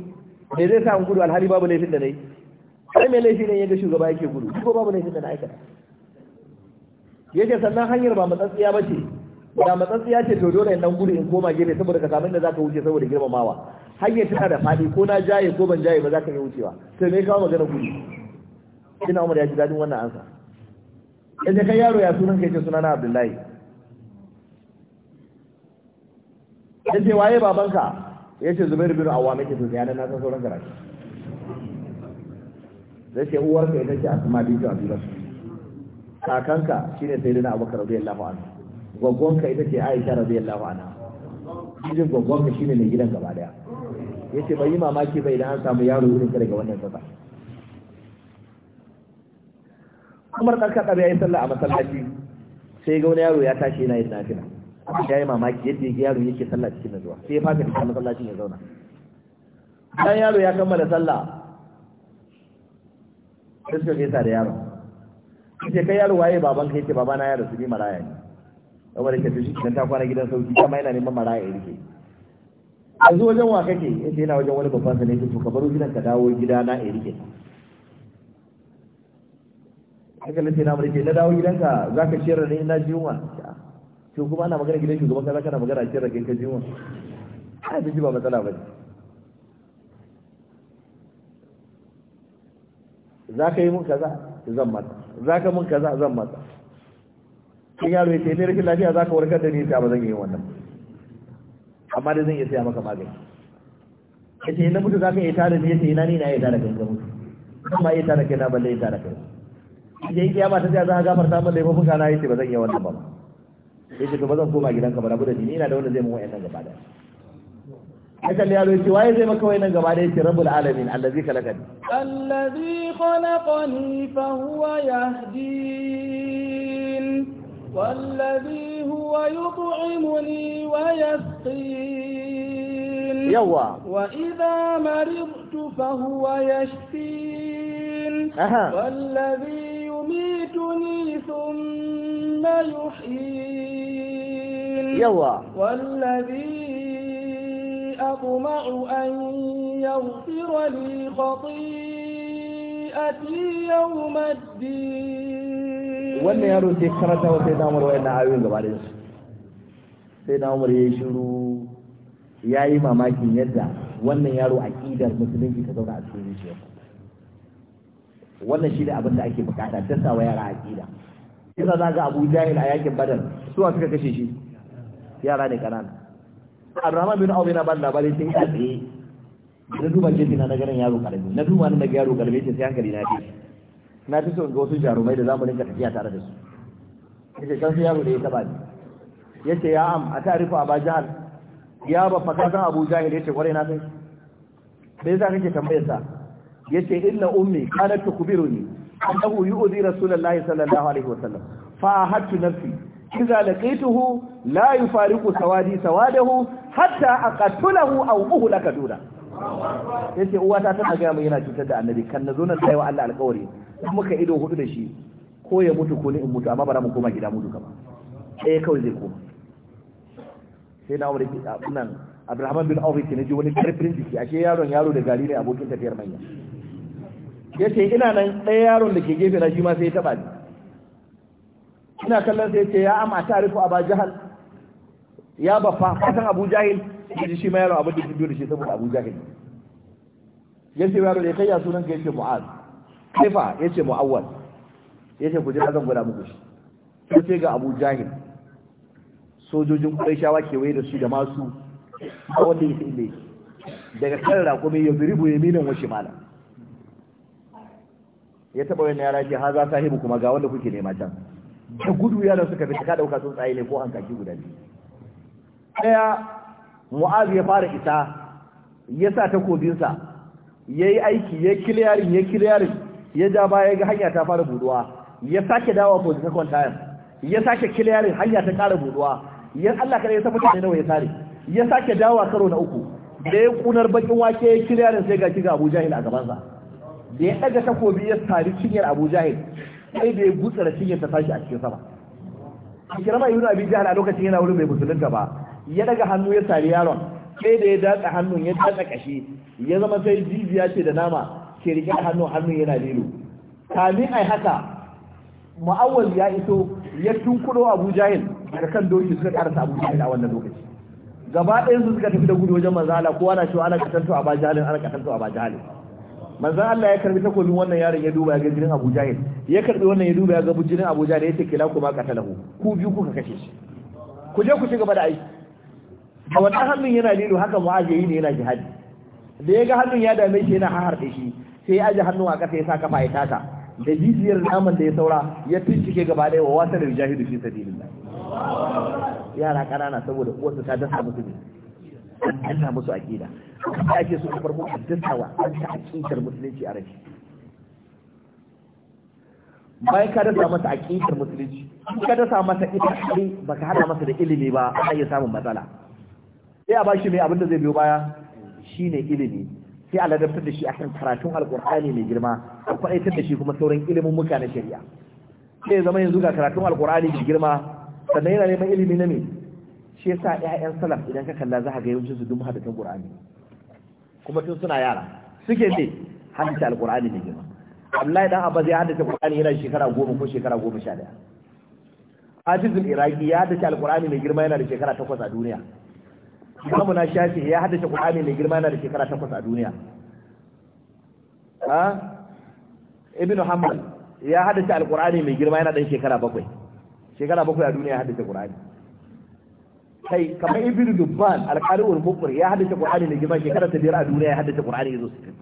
me zai sa gudu alhali babu laifin da nayi sai me laifin ne yaga shugaba yake gudu ko babu laifin da na aikata yace sannan hanyar ba matsatsiya bace da matsatsi ya ce to dole in dan gudu in koma gefe saboda ka samu inda zaka wuce saboda girmamawa hanyar tana da faɗi ko na jaye ko ban jaye ba za ka wucewa sai me kawo magana gudu ina umar ya ji dadin wannan ansa yanzu kai yaro ya sunan kai ce sunana abdullahi ya ce waye babanka ya ce zubairu bin mai ke to ya na san sauran karatu zai ce uwarka ita ce asma bintu abdullahi kakanka shine sayyidina abubakar radiyallahu anhu gwaggonka ita ce aisha radiyallahu anha mijin gwaggonka shine mai gidan gaba daya yace bai yi mamaki bai idan an samu yaro irin ka daga wannan kasa Umar dan Khattab yayi sallah a masallaci sai ga wani yaro ya tashi yana yin nafila ya yi mamaki yadda yake yaro yake sallah cikin nazuwa sai ya fara cikin masallacin ya zauna dan yaro ya kammala sallah sai suka sa da yaro sai kai yaro waye baban ka yace babana ya su bi maraya ne da ke shi ta kwana gidan sauki kama yana neman maraya ya rike yanzu wajen wa kake yace yana wajen wani babban sanin to kamar baro gidan ka dawo gida na ya rike haka lafiya na mulke na dawo gidanka za ka ciyar ne na jiwa to kuma ana magana gidan shugaban kaza kana magana ciyar da ka jiwa ai biji ba matsala ba za ka yi mun kaza zan mata za ka mun kaza zan mata kin yaro ya ce ne rashin lafiya za ka warkar da ni ta ba zan yi wannan amma da zan iya siya maka magani ya ce na mutu za ka iya tare ni ya ce ina ni na iya tare kai ga mutu kan ma iya tare kai na balle iya tare kai ya yi kiyama ta za a gafarta min laifin fuka na ya ce ba zan yi wannan ba ya ce to ba zan koma gidanka ba rabu da ni ina da wanda zai mun wa'annan gaba daya ya kalli yaro ya ce waye zai maka wa'annan gaba daya ce rabbul alamin allazi khalaqani allazi khalaqani fa huwa yahdi والذي هو يطعمني ويسقين يوا وإذا مرضت فهو يشفين أه. والذي يميتني ثم يحيين يوا والذي أطمع أن يغفر لي خطيئتي يوم الدين wannan yaro sai karanta wa sai na umar na ayoyin gaba da su sai na umar ya yi shiru ya yi mamakin yadda wannan yaro a ƙidar musulunci ta zauna a cikin zuciya wannan shi ne abin da ake bukata dasa wa yara a ƙida kisa za ga Abu Jahil a yakin Badar suwa suka kashe shi yara ne kanana Abdurrahman bin Auf na ban labarin yi a tsaye na duba ce na ganin yaro karami na duba na ga yaro karami ce sai hankali na tashi na fi son ga wasu jarumai da zamu rinka tafiya tare da su yace kan su yaro da ya taba ni yace ya am a tarifu a bajal ya ba fa san abu jahil yace kwarai na sai sai za ke tambayar sa yace inna ummi kanat tukbiruni annahu yu'zi rasulullahi sallallahu alaihi wasallam fa hatu nafsi idza laqituhu la yufariqu sawadi sawadahu hatta aqatulahu aw uhlaka duna yace uwata tana gaya mai yana cutar da annabi kan na zo na wa Allah alkawari kuma muka ido hudu da shi ko ya mutu ko ni in mutu amma bara mu koma gida duka kama eh kawai zai koma sai na umar ki nan Abraham bin Auf ne ji wani karfin jiki ashe yaron yaro da gari ne abokin tafiyar manya yace ina nan ɗaya yaron da ke gefe na shi ma sai ya taba ina kallon sai ce ya amma ta'rifu ba jahal ya baffa fatan abu jahil yaji shi ma yaro abin da bidiyo da shi saboda Abu Jahil ce yaro da kai ya sunan ka ce Mu'az kaifa ce Mu'awwal ya ku je zan gwada muku shi sai ga Abu Jahil sojojin ke kewaye da su da masu a wanda ya inda daga kan raƙumi ya zuribu ya minin wa shimala ya taɓa wani yara ce haza sahibu kuma ga wanda kuke nema can da gudu yaran suka fita ka ɗauka sun tsaye ne ko hankaki guda biyu ɗaya mu'az ya fara isa ya sa takobinsa ya yi aiki ya kiliyarin ya kiliyarin ya ja baya ga hanya ta fara buduwa ya sake dawa for the second time ya sake kiliyarin hanya ta kara buduwa ya Allah kare ya sa mutane nawa ya sare ya sake dawa karo na uku da ya kunar bakin wake ya kiliyarin sai ga kiga Abu Jahil a gabansa da ya daga takobi ya sari cinyar Abu Jahil sai da ya gutsara cinyar ta tashi a cikin sama mai ibn Abi Jahal a lokacin yana wurin bai musulunta ba ya daga hannu ya sari yaron sai da ya datsa hannun ya datsa kashi ya zama sai jijiya ce da nama ke rike da hannun hannun yana lilo kamin ai haka ma'awal ya iso ya tunkudo abu jahil daga kan doki suka karanta abu jahil a wannan lokaci gaba ɗayan su suka tafi da gudu wajen manzo Allah kowa na cewa ana katanto a bajalin ana katanto a bajalin manzo Allah ya karbi takobin wannan yaron ya duba ya ga jinin Abu Jahil ya karbi wannan ya duba ya ga jinin Abu Jahil ya ce kila ku ma katalahu ku biyu kuka kashe shi ku je ku ci gaba da aiki A wannan hannun yana lilo haka mu'az yayi ne yana jihadi da ya ga hannun ya dame shi yana har da shi sai ya aje hannu a kasa ya sa kafa ya tata da jijiyar naman da ya saura ya fincike gaba ɗaya wa wasa da jahidu fi sabilillah yara ƙanana saboda su ta dasa musu ne an dasa musu aqida kuma ake so a farko a dasa wa an ta aqidar musulunci a rashi bai ka dasa masa aqidar musulunci ka dasa masa ita ba ka hada masa da ilimi ba sai ya samu matsala sai a bashi mai abin da zai biyo baya shine ilimi sai a ladabtar da shi akan karatun alkur'ani mai girma a kwaɗaitar da shi kuma sauran ilimin muka na shari'a sai zama yanzu ga karatun alkur'ani mai girma sannan yana neman ilimi na me shi yasa ƴaƴan salaf idan ka kalla za ka ga yawancin su duk hadatan qur'ani kuma tun suna yara suke ne hadisi alkur'ani mai girma Abdullahi dan Abbas ya haddace alkur'ani yana shekara goma ko shekara goma sha daya. Hafizul Iraki ya haddace alkur'ani mai girma yana da shekara takwas a duniya. imamu na shafi ya haddace qur'ani mai girma na da shekara takwas a duniya ha ibnu hanbal ya haddace alqur'ani mai girma yana dan shekara bakwai shekara bakwai a duniya ya haddace qur'ani kai kamar ibnu dubban alqari'ul mukmir ya haddace qur'ani mai girma shekara ta biyar a duniya ya haddace qur'ani yazo sittin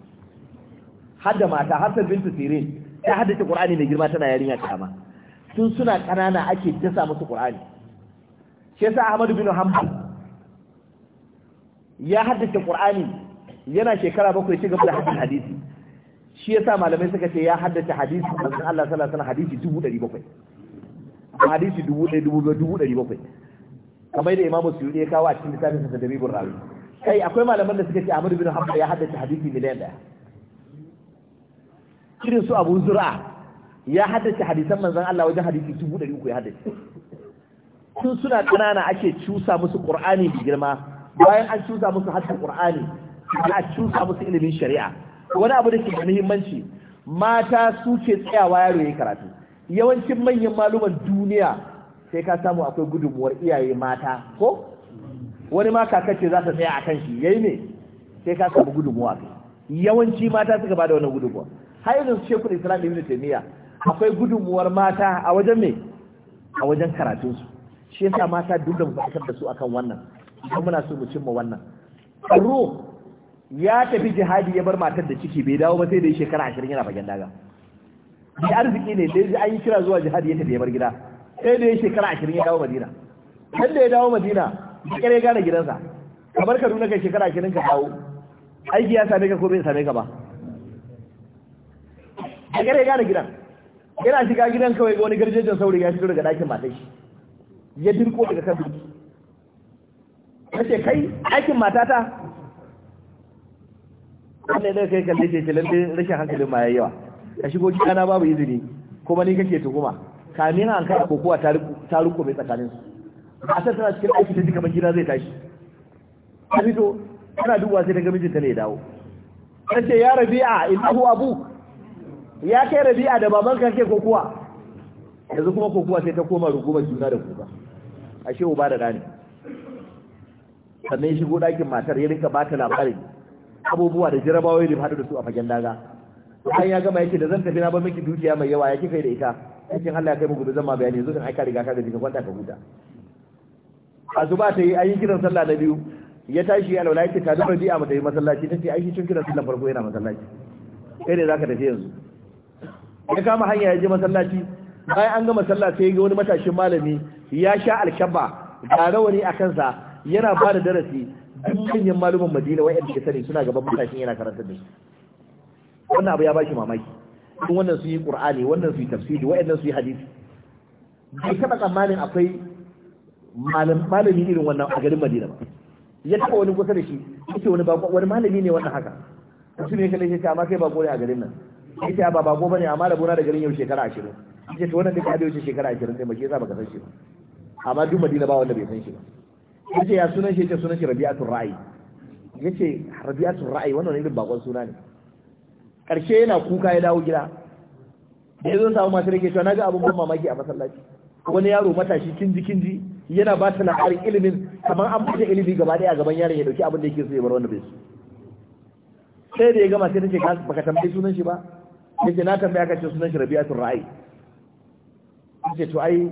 hadda mata hatta bintu sirin ta haddace qur'ani mai girma tana yarinya ta kama tun suna kanana ake dasa musu qur'ani shi yasa ahmadu bin hanbal ya haddace qur'ani yana shekara bakwai shiga gaba da haddace hadisi shi yasa malamai suka ce ya haddace hadisi manzon Allah sallallahu alaihi wasallam hadisi 1700 hadisi 1700 kamar da imamu suyuti ya kawo a cikin littafin sa da bibur rawi kai akwai malaman da suka ce amadu bin Hanbal ya haddace hadisi miliyan ɗaya. irin su Abu Zur'a ya haddace hadisan manzon Allah wajen hadisi 1300 ya haddace Sun suna ƙanana ake cusa musu Qur'ani da girma bayan an cusa musu haddin qur'ani an cusa musu ilimin shari'a wani abu da ke da muhimmanci mata su ke tsayawa yaro ya karatu yawancin manyan maluman duniya sai ka samu akwai gudunmuwar iyaye mata ko wani ma kakace za ta tsaya a kan shi yayi ne sai ka samu gudunmuwa kai yawanci mata suka bada wannan gudunmuwa har yanzu shekul islam ibn taymiya akwai gudunmuwar mata a wajen me a wajen karatun su shi yasa mata duk da mu da su akan wannan kuma muna so mu cimma wannan ruh ya tafi jihadi ya bar matar da ciki bai dawo ba sai da shekara ashirin yana fagen daga shi arziki ne da ya an yi kira zuwa jihadi ya tafi ya bar gida sai da ya shekara ashirin ya dawo madina kan da ya dawo madina da kare gane gidansa kamar ka nuna kai shekara ashirin ka dawo aiki ya same ka ko bai same ka ba da kare gane gidan yana shiga gidan kawai ga wani garjejen saurayi ya fito daga ɗakin matar shi ya dirko daga kan duki na ce kai aikin matata wanda ya kai kalle ce lalle rashin hankalin ma yawa ka shigo gidana babu izini kuma ni kake tuhuma kamin an kai kuwa ta ruku mai tsakanin su a tana cikin aiki ta ji kamar gida zai tashi ta tana duba sai ta ga mijinta ne ya dawo ta ce ya rabi'a innahu abu ya kai rabi'a da baban kake kuwa yanzu kuma kuwa sai ta koma ruguma juna da kuka ashe uba da ɗani sannan shigo ɗakin matar ya rinka bata labarin abubuwa da jarabawa ya rufa da su a fagen daga bayan ya gama yake da zan tafi na ba miki dukiya mai yawa ya kika da ita cikin Allah ya kai mu gobe zama bayani yanzu kan aika riga ka gaji ka kwanta ka huta a zuba ta yi an yi kiran sallah na biyu ya tashi ya laula yake tare rabi'a mu yi masallaci ta ce aiki cin kiran sallah farko yana masallaci kai ne zaka tafi yanzu ya kama hanya ya je masallaci bayan an gama sallah sai ya ga wani matashin malami ya sha alkaba ga rawani a kansa yana ba da darasi duk manyan malumin madina yadda ke sani suna gaban matashin yana karanta da su wannan abu ya ba shi mamaki sun wannan su yi ƙur'ani, wannan su yi tafsiri wa'yannan su yi hadisi bai taɓa tsammanin akwai malami irin wannan a garin madina ba ya taɓa wani kusa da shi yake wani bako wani malami ne wannan haka mutum ne kalli shi ta amma kai bako ne a garin nan yace ba bako ba ne amma buna da garin yau shekara ashirin yace to wannan duka abin shekara ashirin sai ba shi ba baka san shi ba amma duk madina ba wanda bai san shi ba yace ya sunan shi yace sunan shi rabi'atul ra'i yace rabi'atul ra'i wannan ne irin bakon suna ne karshe yana kuka ya dawo gida da yazo samu matar yake cewa naga abun ban mamaki a masallaci wani yaro matashi kinji kinji yana ba ta labarin ilimin kamar an bata ilimi gaba daya a gaban yaron ya dauki abin da yake so ya bar wanda bai so sai da ya gama sai ce baka tambayi sunan shi ba yace na tambaya ka ce sunan shi rabi'atul ra'i yace to ai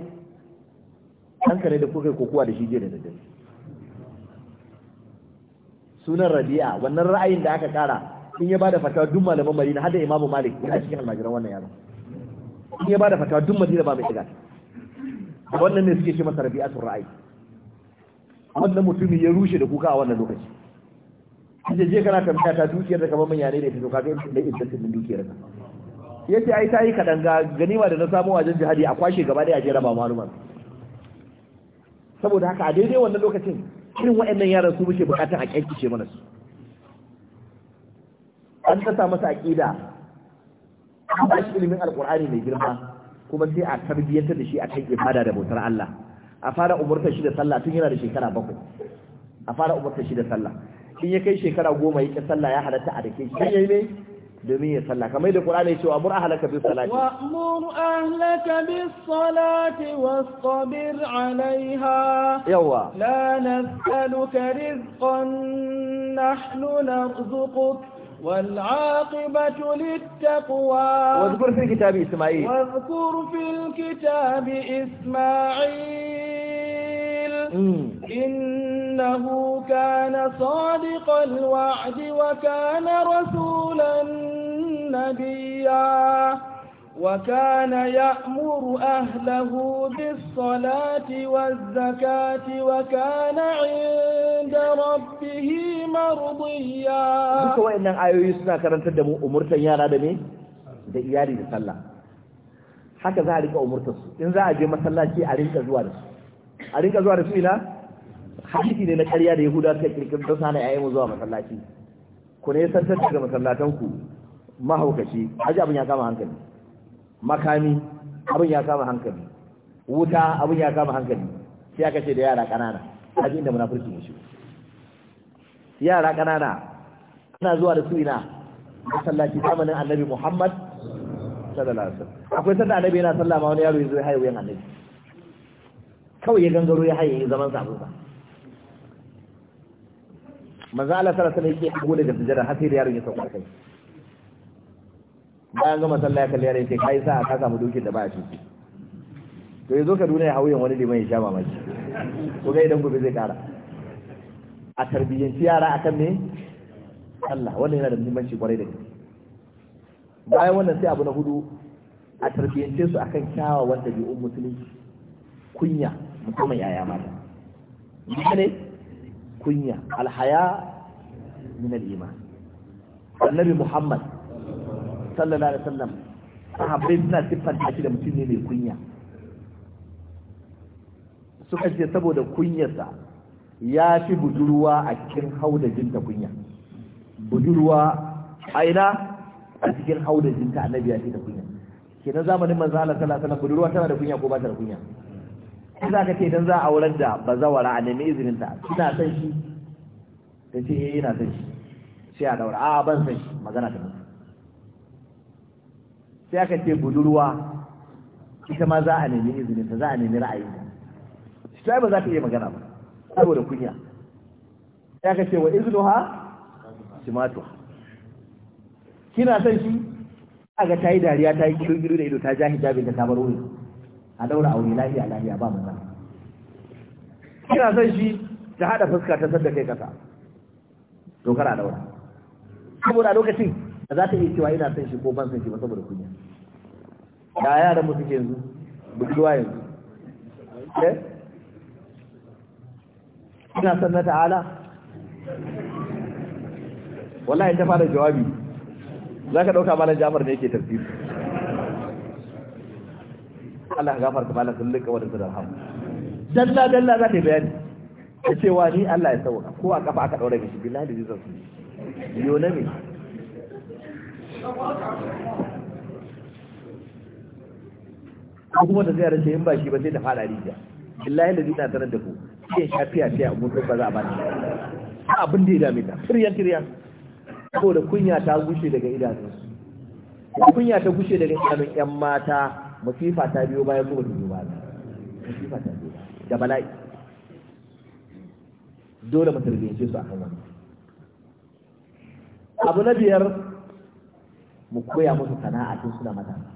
ɗanka ne da kuka yi kokowa da shi jiya da daddare sunan rabi'a wannan ra'ayin da aka kara in ya bada fatawa duk malaman madina har da imamu malik yana cikin almajiran wannan yaron in ya bada fatawa duk madina ba mai shiga wannan ne suke ce masa rabi'atul ra'ayi wannan mutumin ya rushe da kuka a wannan lokaci kaje je kana tambaya ta dukiyar da kamar manya ne da ga inda da intancin din dukiyar ka yace ai ta yi kadan ga ganima da na samu a jan jihadi a kwashe gaba da ya je ba malumar saboda haka a daidai wannan lokacin irin waɗannan yaran su muke bukatar a kyankice mana su an dasa masa aƙida an ba shi ilimin alƙur'ani mai girma kuma sai a tarbiyyantar da shi a kan ibada da bautar Allah a fara umurta shi da sallah tun yana da shekara bakwai a fara umurta shi da sallah in ya kai shekara goma ya sallah ya halatta a da ke shi kan yi mai domin ya sallah kamar da Qur'ani ya ce wa mur ahlaka bis salati wa mur ahlaka bis salati wasbir alaiha yawa la nas'aluka rizqan nahnu narzuquka والعاقبة للتقوى واذكر في الكتاب إسماعيل واذكر في kitabi isma'il. Mm. إنه كان صادق الوعد وكان رسولا نبيا وكان يأمر أهله بالصلاة والزكاة وكان عند ربه مرضيا duka wayannan ayoyi suna karantar da umurtan yara da da iyali da sallah haka za a rika umurtar su in za a je masallaci a rinka zuwa da su a rinka zuwa da su ila hadisi ne na ƙarya da yahuda suka don sana yi mu zuwa masallaci ku ne santar daga masallatan ku mahaukaci haji abin ya kama hankali makami abin ya kama hankali wuta abin ya kama hankali sai aka ce da yara ƙanana haji inda munafurci ne shi yara ƙanana ana zuwa da su ina masallaci zamanin annabi muhammad sallallahu alaihi wasallam akwai sanda annabi yana sallama wani yaro ya zo ya haihu wuyan annabi kawai ya gangaro ya haye ya zaman sabu ba Maza Allah sallallahu alaihi wasallam yake hagu daga sujada har sai da yaron ya sauka kai bayan gama sallah ya kalli yaron yake kai sa ka samu dokin da ba ciki to yazo ka ya hauyen wani liman ya sha mamaki ko ga idan gobe zai kara a tarbiyyanci yara akan me Allah wannan yana da muhimmanci kwarai da gaske bayan wannan sai abu na hudu a tarbiyyance su akan kyawawan ɗabi'un musulunci kunya kuma yaya mata ne kunya alhaya min al-iman annabi muhammad sallallahu alaihi wasallam sahabbai suna da shi da mutum ne mai kunya suka ce saboda kunyarsa ya fi budurwa a cikin jinta kunya budurwa aina a cikin jinta annabi ya fi da kunya ke na zamanin manzo Allah sallallahu alaihi wasallam budurwa tana da kunya ko ba ta da kunya sai za ka ce don za a wurar da ba zawara a nemi izinin ta kina san shi ta ce yi eh, yana san shi sai a daura a ban san shi magana ta mutu sai aka ce budurwa ita ma za a nemi izinin ta za a nemi ra'ayi ta shi ta ba za ta iya magana ba saboda kunya sai aka ce wa ha? simatuha kina san shi aga ta yi dariya ta yi kiro da ido ta ja hijabin ta ta bar a daura aure lafiya lafiya ba matsala kina son shi ta haɗa fuska ta sadda kai kasa Dokar a daura saboda lokacin da za ta iya cewa ina son shi ko ban son shi ba saboda kunya da yaran mu ke yanzu budurwa yanzu eh? ina son na ta'ala wallahi ta fara jawabi za ka ɗauka malam jafar ne ke tafsiri Allah ya gafarta malam sun lika wadansu da rahama dalla dalla za ta bayani ta cewa ni Allah ya sauka ko a kafa aka daura mishi billahi zai zan yo na me ko kuma da zai race in ba shi ba sai ta fada rijiya billahi da zina sanar da ku Ke shafiya sai a mutu ba za a bani abin da ya dame ta tiryan tiryan saboda kunya ta gushe daga idanunsu kunya ta gushe daga idanun yan mata Masifa ta biyo baya kuma ta biyo baya masifa ta biyo da bala'i dole mu tarbiyyace su akan wani. abu na biyar mu koya musu sana'a tun suna matasa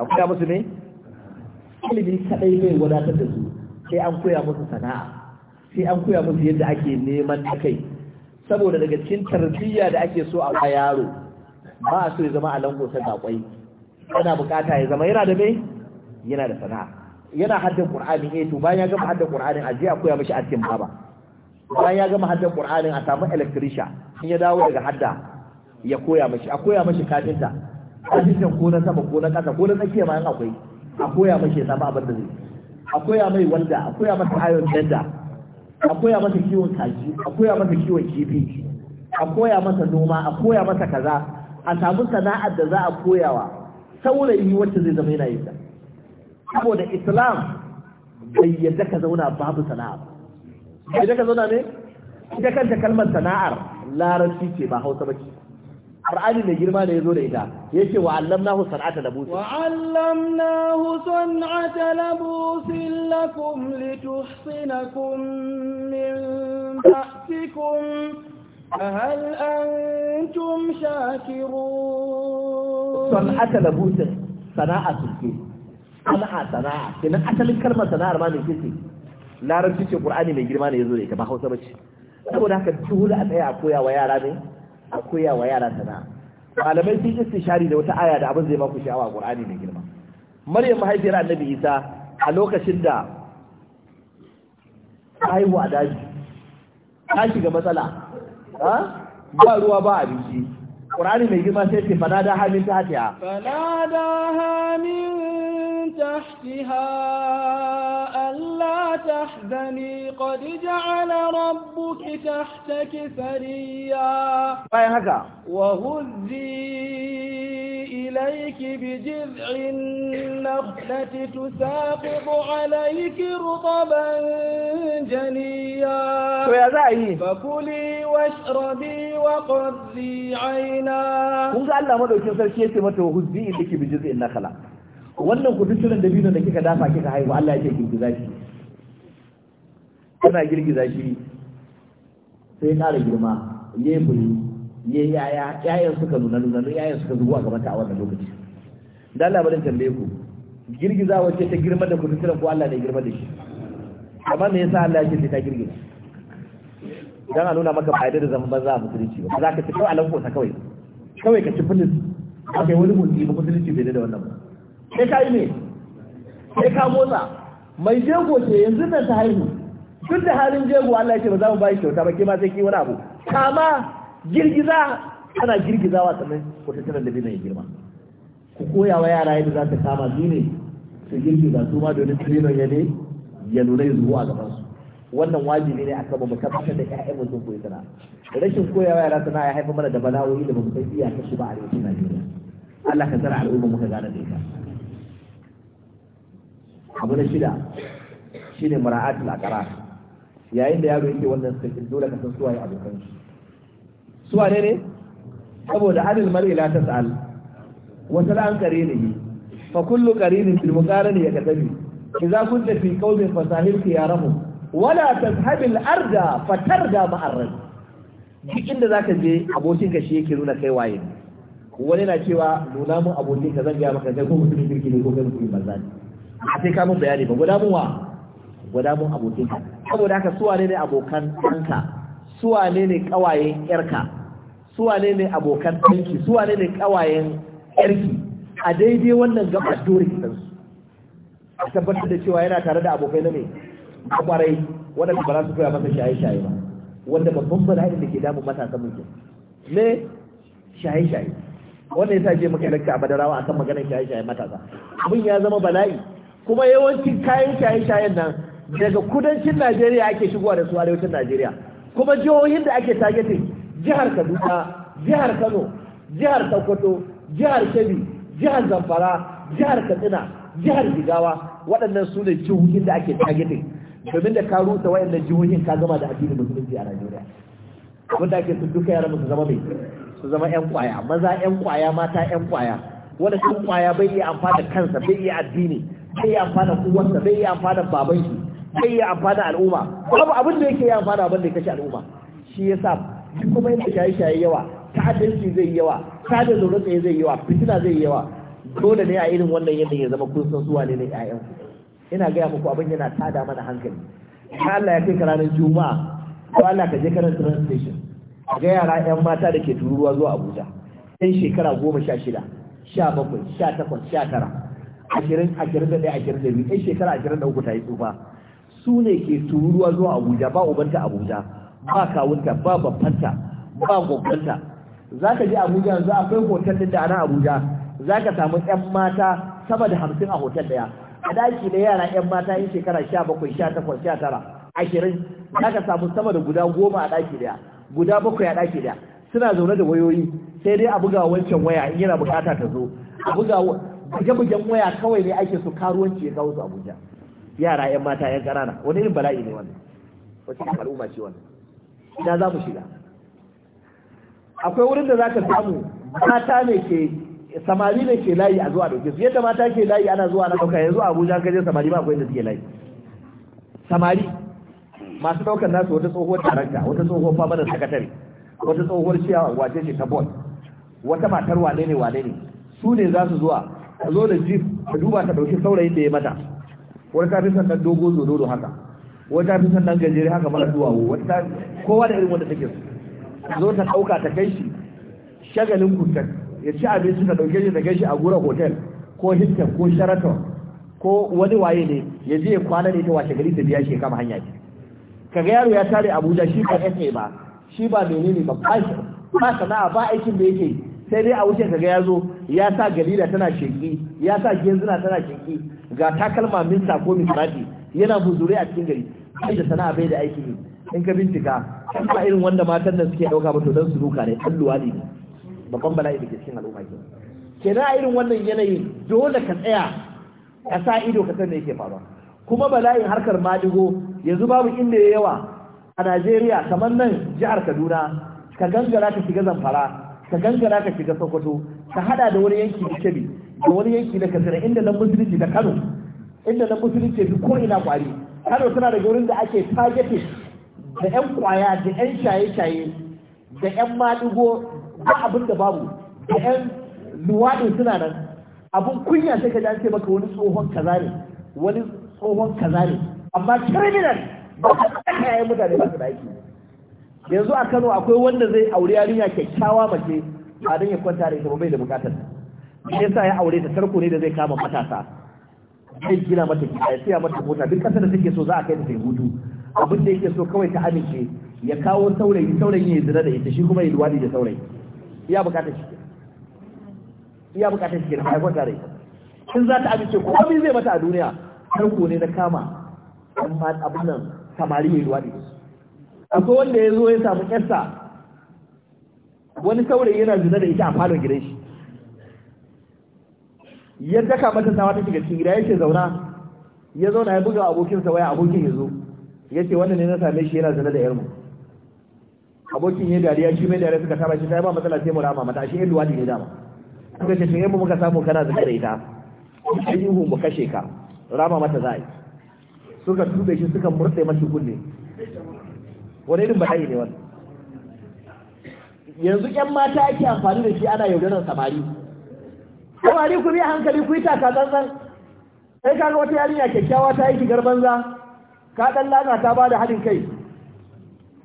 a koya musu ne ilimi kadai mai wadatar da su sai an koya musu sana'a sai an koya musu yadda ake neman na kai saboda daga cikin tarbiyya da ake so a yaro ba a so ya zama a lango ta kwai Yana bukata ya zama yana da mai yana da sana'a yana haddin qur'ani eh to bayan ya gama haddin qur'ani a je a koya mishi addin baba bayan ya gama haddin qur'ani a samu electrician in ya dawo daga hadda ya koya mishi a koya mishi kafinta Kafinta ko na sama ko na kasa ko na tsakiya ma akwai a koya mishi ya samu abin da zai a koya mai wanda a koya masa ayon tenda a koya masa kiwon kaji a koya masa kiwon kifi a koya masa noma a koya masa kaza a samu sana'ar da za a koyawa yi wacce zai zama yana yadda saboda islam bai yadda ka zauna babu sana'a ba yadda ka zauna ne ita kanta kalmar sana'ar larabci ce ba hausa bace Qur'ani mai girma da yazo da ita yace wa allamnahu san'ata labus wa allamnahu san'ata labus lakum lituhsinakum min ba'tikum فهل أنتم شاكرون صنعة لبوت صناعة سكي صنعة صناعة كنا أصل الكلمة صناعة ما نكتي لا رمشي في القرآن من جرمان يزوري كما هو سبتش saboda haka dole a tsaya a koya yara ne a koya wa yara sana'a malamai sun istishari da wata aya da abin zai ba ku a Qur'ani mai girma Maryam mahaifiyar Annabi Isa a lokacin da haihuwa daji ta shiga matsala ba ruwa ba abinci ƙur'ani mai girma sai ce fana da hamin ta hatiya fana da hamin تحتها ألا تحزني قد جعل ربك تحتك ثريا وهزي إليك بجذع النخلة تساقط عليك رطبا جنيا فكلي واشربي وقضي عينا كنت ألا مدى كنت سألت كيف متى وهزي إليك بجذع النخلة wannan kuduttunan dabino da kika dafa kika haihu Allah ya ce girgiza shi kana girgiza shi sai ya ƙara girma ya yi buri ya yi yaya yayan suka nuna nuna yayan suka zuwa ga mata a wannan lokaci da labarin tambaye ku girgiza wacce ta girma da tunan ko Allah ne girma da shi amma me yasa Allah ya ce ta girgiza dan a nuna maka fa'ida da zaman banza a musulunci ba za ka ci kawai alanko ta kawai kawai ka ci filis akai wani musulmi ba musulunci bai da wannan ba sai ka yi ne sai ka motsa mai jego ce yanzu da ta haihu duk da halin jego Allah ya ce ba za mu ba kyauta ba ke ma sai wani abu kama girgiza kana girgiza sannan ko ta tana da bai girma ku koya wa yara yadda za ta kama su ne su girgiza su ma domin tsirin ya ne ya nuna a gaban su wannan wajibi ne aka ba mu tabbatar da ƴaƴan sun koyi sana'a rashin koyawa yara sana'a ya haifa mana da bala'o'i da ba mu san iyakar shi ba a arewacin Najeriya Allah ka tsara al'umma muka gane da ita abu na shida shi ne mara'atul aqrar yayin da yaro yake wannan sirrin dole ka san suwaye abokan shi suwa ne saboda hadil mar'i la tas'al wa sal'an ne, fa kullu qarinin ki muqarani yakadabi idza kunta fi qawmin fasahil khiyarahum wala tazhabil arda fatarda ma'arrad duk inda zaka je abokin ka shi yake nuna kai waye wani na cewa nuna mun abokin ka zan ga maka kai ko mutum kirki ne ko kai mutum banza ne a sai kamun bayani ba guda mun wa guda mun abokin ka saboda haka su wane ne abokan ɗanka Su wane ne ƙawayen ƴarka Su wane ne abokan ɗanki Su wane ne ƙawayen ƴarki a daidai wannan gaba dole ki su a tabbatar da cewa yana tare da abokai na ne a ƙwarai waɗanda ba za su koya masa shaye-shaye ba wanda babban bala'in da ke damun matasan ke. ne shaye-shaye wannan yasa je muka lakka a madarawa a kan maganar shaye-shaye matasa abin ya zama bala'i kuma yawancin kayan shaye-shayen nan daga kudancin Najeriya ake shigowa da su arewacin Najeriya kuma jihohin da ake targeting jihar Kaduna jihar Kano jihar Sokoto jihar Kebbi jihar Zamfara jihar Katsina jihar Jigawa waɗannan su ne jihohin da ake targeting domin da ka rusa waɗannan jihohin ka gama da addinin musulunci a Najeriya abin da ake su duka yara musu zama mai su zama ƴan kwaya maza ƴan kwaya mata ƴan kwaya wanda sun kwaya bai iya amfana kansa bai iya addini bai yi amfana kuwansa bai yi amfana baban shi bai yi amfana al'umma babu abin da yake yi amfana abin da ya kashe al'umma shi ya sa duk kuma yadda shaye shaye yawa ta'addanci zai yi yawa tada zaune tsaye zai yi yawa fitina zai yi yawa dole ne a irin wannan yadda ya zama kun san suwa ne na ƴaƴan ina gaya muku abin yana tada mana hankali in Allah ya kai ka ranar juma'a ko Allah ka je karan train station ga yara ƴan mata da ke tururuwa zuwa Abuja ɗan shekara goma sha shida sha bakwai sha takwas sha tara ashirin ashirin da ɗaya ashirin da biyu ɗan shekara ashirin da uku ta yi tsufa su ne ke tururuwa zuwa abuja ba ubanta abuja ba kawunta ba babbanta ba gwabbanta za ka je abuja yanzu akwai hotel ɗin da ana abuja za ka samu ƴan mata sama da hamsin a hotel ɗaya a daki da yara ƴan mata yin shekara sha bakwai sha takwas sha tara ashirin za ka samu sama da guda goma a daki ɗaya guda bakwai a daki ɗaya suna zaune da wayoyi sai dai a buga wancan waya in yana bukata ta zo a buga buge-bugen waya kawai ne ake su karuwanci ya kawo su abuja yara yan mata yan ƙanana wani irin bala'i ne wannan wacce al'umma ce wannan ina za mu shiga akwai wurin da za ka samu mata ne ke samari ne ke layi a zuwa dauke su yadda mata ke layi ana zuwa na dauka yanzu abuja kaje samari ba akwai da suke layi samari masu ɗaukar nasu wata tsohuwar tarakta wata tsohuwar fama da sakatare wata tsohuwar ciyawa wace ce ta bol wata matar wane ne wane ne su ne za su zuwa Ka zo da jeep ta duba ka dauki saurayin da ya mata wani ta fi sannan dogo zododo haka wani ta fi sannan gajere haka mara duwawo wani ta kowa da irin wanda take su zo ta ɗauka ta kai shi shagalin kuntan ya ci abinci ta dauke shi ta kai shi a gura hotel ko hilton ko sheraton ko wani waye ne ya je ya kwana ne ta washe gari da biya shi ya kama hanya ce kaga yaro ya tare abuja shi ba sa ba shi ba menene ba ba sana'a ba aikin da yake sai dai a wuce kaga ya zo ya sa galila tana shirki ya sa genzina tana shirki ga takalma min sako min sati yana buzure a cikin gari bai da sana'a bai da aiki ne in ka bincika ba irin wanda matan nan suke dauka ba to dan su duka ne dan luwali ne babban bala'i da ke cikin al'umma ke kenan a irin wannan yanayin dole ka tsaya ka sa ido ka san me yake faruwa kuma bala'in harkar madigo yanzu babu inda ya yawa a Najeriya kamar nan jihar Kaduna ka gangara ka shiga Zamfara ka gangara ka shiga sokoto ka hada da wani yanki da kebbi da wani yanki da katsina inda nan musulunci da kano inda na musulunci duk ko ina kwari kano tana da wurin da ake targeted da yan kwaya da yan shaye-shaye da yan madugo ba abin da babu da yan luwaɗin suna nan abin kunya sai ka ji maka wani tsohon kaza ne wani tsohon kaza ne amma criminal ba ka kaya mutane ba su da aiki yanzu a Kano akwai wanda zai aure yarinya kyakkyawa mace ba dan ya kwanta da ita ba bai da bukatar shi yasa ya aure ta tarko ne da zai kama matasa zai gina mata gida ya siya mata mota duk kasar da take so za a kai ta sai hutu abin da yake so kawai ta amince ya kawo saurayi saurayi ya zira da ita shi kuma ya luwadi da saurayi iya bukatar shi iya bukatar shi kenan da ita. in za ta amince ko abin zai mata a duniya tarko ne na kama abin nan samari ya luwadi da su akwai wanda ya zo ya samu ƙyarsa wani saurayi yana zina da ita a falon gidan shi ya daka mata sawa ta shiga cikin gida ya ce zauna ya zauna ya buga abokinsa waya abokin ya zo ya ce wannan ne na same shi yana zina da yarmu abokin ya dariya shi mai dariya suka saba shi ta yi ba matsala sai mu rama mata shi yan luwadi ne dama suka ce shi mu muka samu kana zina da ita ayyuhu mu kashe ka rama mata za'a suka tube shi suka murtse mashi kunne wani irin bala'i ne wani. yanzu ƴan mata ake amfani da shi ana yaudarar samari samari ku bi hankali ku yi taka tsantsan sai kaga wata yarinya kyakkyawa ta yi shigar banza ka ɗan lana ta bada haɗin kai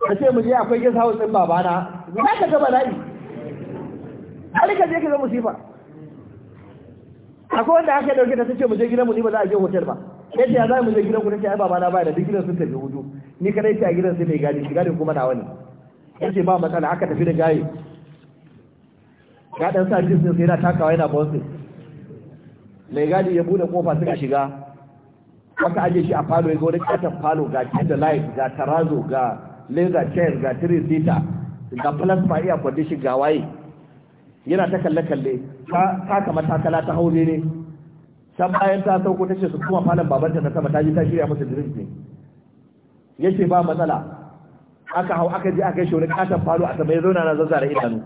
ka ce mu je akwai guest house ɗin babana za ka ga na'i har ka je ka zama musifa akwai wanda aka dauke ta ce mu je gidan mu ni ba za a je hotel ba yace ya zai mu je gidan ku nake ai baba na ba da gidan sun tafi hudu ni kadai ce a gidan sai mai gadi shi gadin kuma nawa ne yace ba matsala aka tafi da gaye ga sa jin sai yana takawa yana bonsin mai gadi ya bude kofa suka shiga aka aje shi a falo ya ga wani katon falo ga da light ga tarazo ga laser chair ga three seater ga plasma air condition ga waye yana ta kalle kalle ta kama takala ta haure ne ta bayan ta sauko ta ce su kuma falon babanta na sama ta ji ta shirya masa drink ne ya ce ba matsala aka hau aka ji aka yi shaurin katon falo a sama ya zauna na zazzara idanu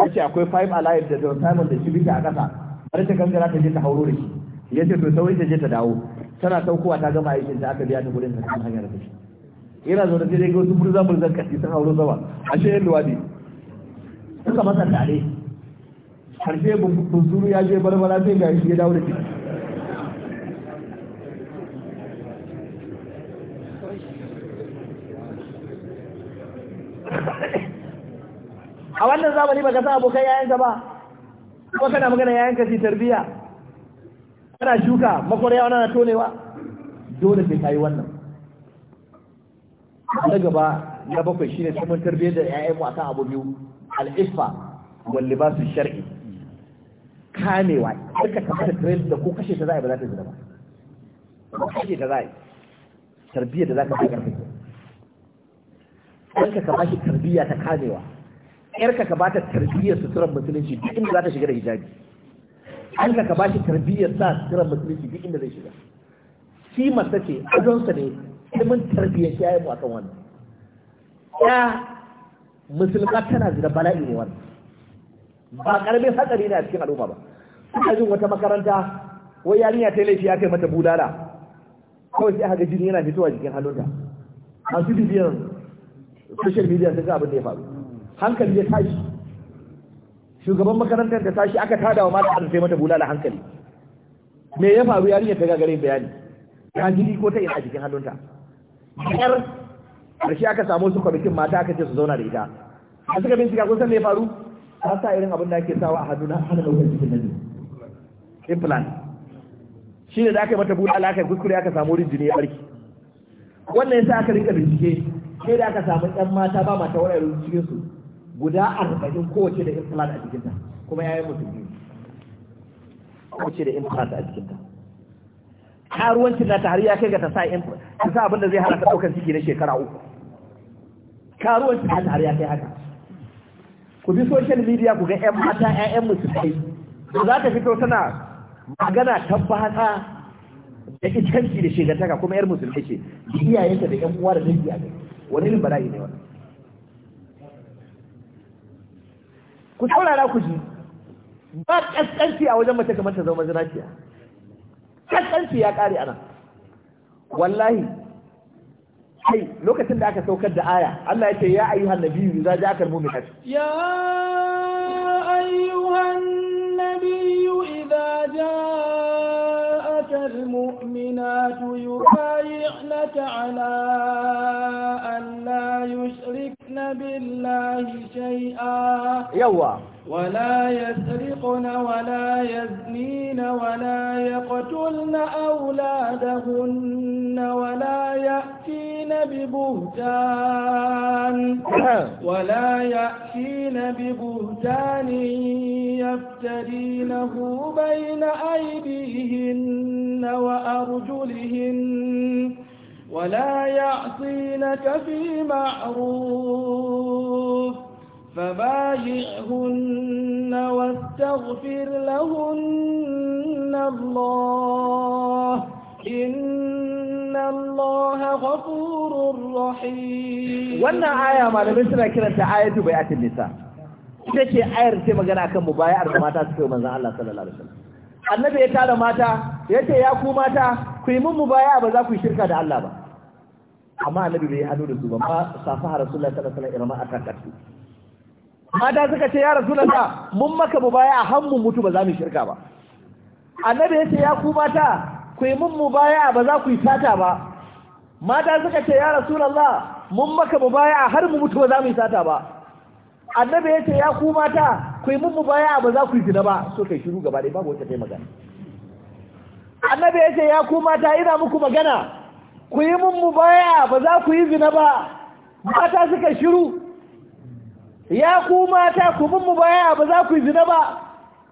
ya ce akwai five alive da john simon da shi a ƙasa bari ta gangara ta je ta hauro da shi ya ce to sauri ta je ta dawo tana saukowa ta gama aikin ta aka biya ta gudun ta kan hanyar da shi yana zaune sai dai ga wasu burzan burzan kashi sun hauro sama ashe yan luwadi suka masa tare harshe bunzuru ya je barbara zai ga shi ya dawo da shi zamani baka sa abokan yayanka ba kuma kana magana yayanka su tarbiya kana shuka makwarya wani na tonewa dole sai kayi wannan na gaba na bakwai shine sai mun tarbiyyar da yayanmu akan abu biyu al ifa wal libasu shar'i kamewa duka kamar trail da ko kashe ta zai ba za ta zira ba ko kashe ta zai tarbiyyar da za ka karfi ɗanka ka bashi tarbiyya ta kamewa ƴarka ka bata tarbiyyar suturar musulunci duk inda za ta shiga da hijabi Allah ka bashi tarbiyyar sa suturar musulunci duk inda zai shiga shi masa ce adonsa ne ilimin tarbiyyar shi yayi mu akan wannan ya musulma tana da bala'i ne wannan ba karamin hatsari ne a cikin al'umma ba suka jin wata makaranta wai yarinya ta laifi ya kai mata bulala kawai sai aka jini yana fitowa jikin hannunta masu bibiyar social media sun ga abin da ya faru hankali ya tashi shugaban makarantar ta tashi aka tada wa mata sai mata bulala hankali me ya faru yarinya ta gagare bayani ta jini ko ta ina jikin hannunta yar karshe aka samu su kwamitin mata aka ce su zauna da ita a suka bincika kun san me ya faru ta sa irin abin da ake sawa a hannuna hana daukar jikin nan implant shi ne da aka yi mata bulala aka kuskure aka samu rijini ya barki wannan yasa aka rinka bincike sai da aka samu ɗan mata ba mata wani cikin su guda arba'in kowace da implant a jikinta kuma ya yi mutum biyu kowace da implant a jikinta haruwanci na ta har ya kai ga ta sa ta sa abin da zai hana ta ɗaukar ciki na shekara uku haruwanci na ta har ya kai haka ku bi social media ku ga 'yan mata 'ya'yan musulmai za ta fito tana magana ta bata da kanki da shigantaka kuma 'yan musulmai ce da iyayenta da 'yan uwa da dangi a gari wani irin yi ne wannan ku saurara ku ji ba kaskanci a wajen mace kamar ta zama zinaciya kaskanci ya kare ana wallahi kai lokacin da aka saukar da aya Allah ya ce ya ayyuhan nabiyyu idza ja'aka al-mu'minat ya ayyuhan nabiyyu idza ja'aka al-mu'minat yubayyi'naka ala an la yushrika يشركن بالله شيئا يوا ولا يسرقن ولا يزنين ولا يقتلن أولادهن ولا يأتين ببهتان ولا يأتين ببهتان يفترينه بين أيديهن وأرجلهن ولا يعصينك في معروف فبايعهن واستغفر لهن الله إن الله غفور رحيم wannan aya malamai suna kiranta ayatu bai'atul nisa ita ce ayar ce magana akan mubayar da mata suke manzon Allah sallallahu alaihi wasallam annabi ya tara mata yace ya mata ku yi mummu baya ba za ku yi shirka da Allah ba amma annabi bai hannu da su ba ma safa rasulullahi sallallahu alaihi wasallam akan karfi mata suka ce ya rasulullah mun maka baya a mu mutu ba za mu shirka ba annabi yace ya ku mata ku yi mummu baya ba za ku yi sata ba mata suka ce ya rasulullah mun maka baya har mu mutu ba za mu yi sata ba annabi yace ya ku mata ku yi mummu baya ba za ku yi zina ba so kai shiru gaba dai babu wata kai magana annabi ya ce ya kuma ta ina muku magana ku yi mun mubaya ba za ku yi zina ba mata suka shiru ya ku ta ku mun mubaya ba za ku yi zina ba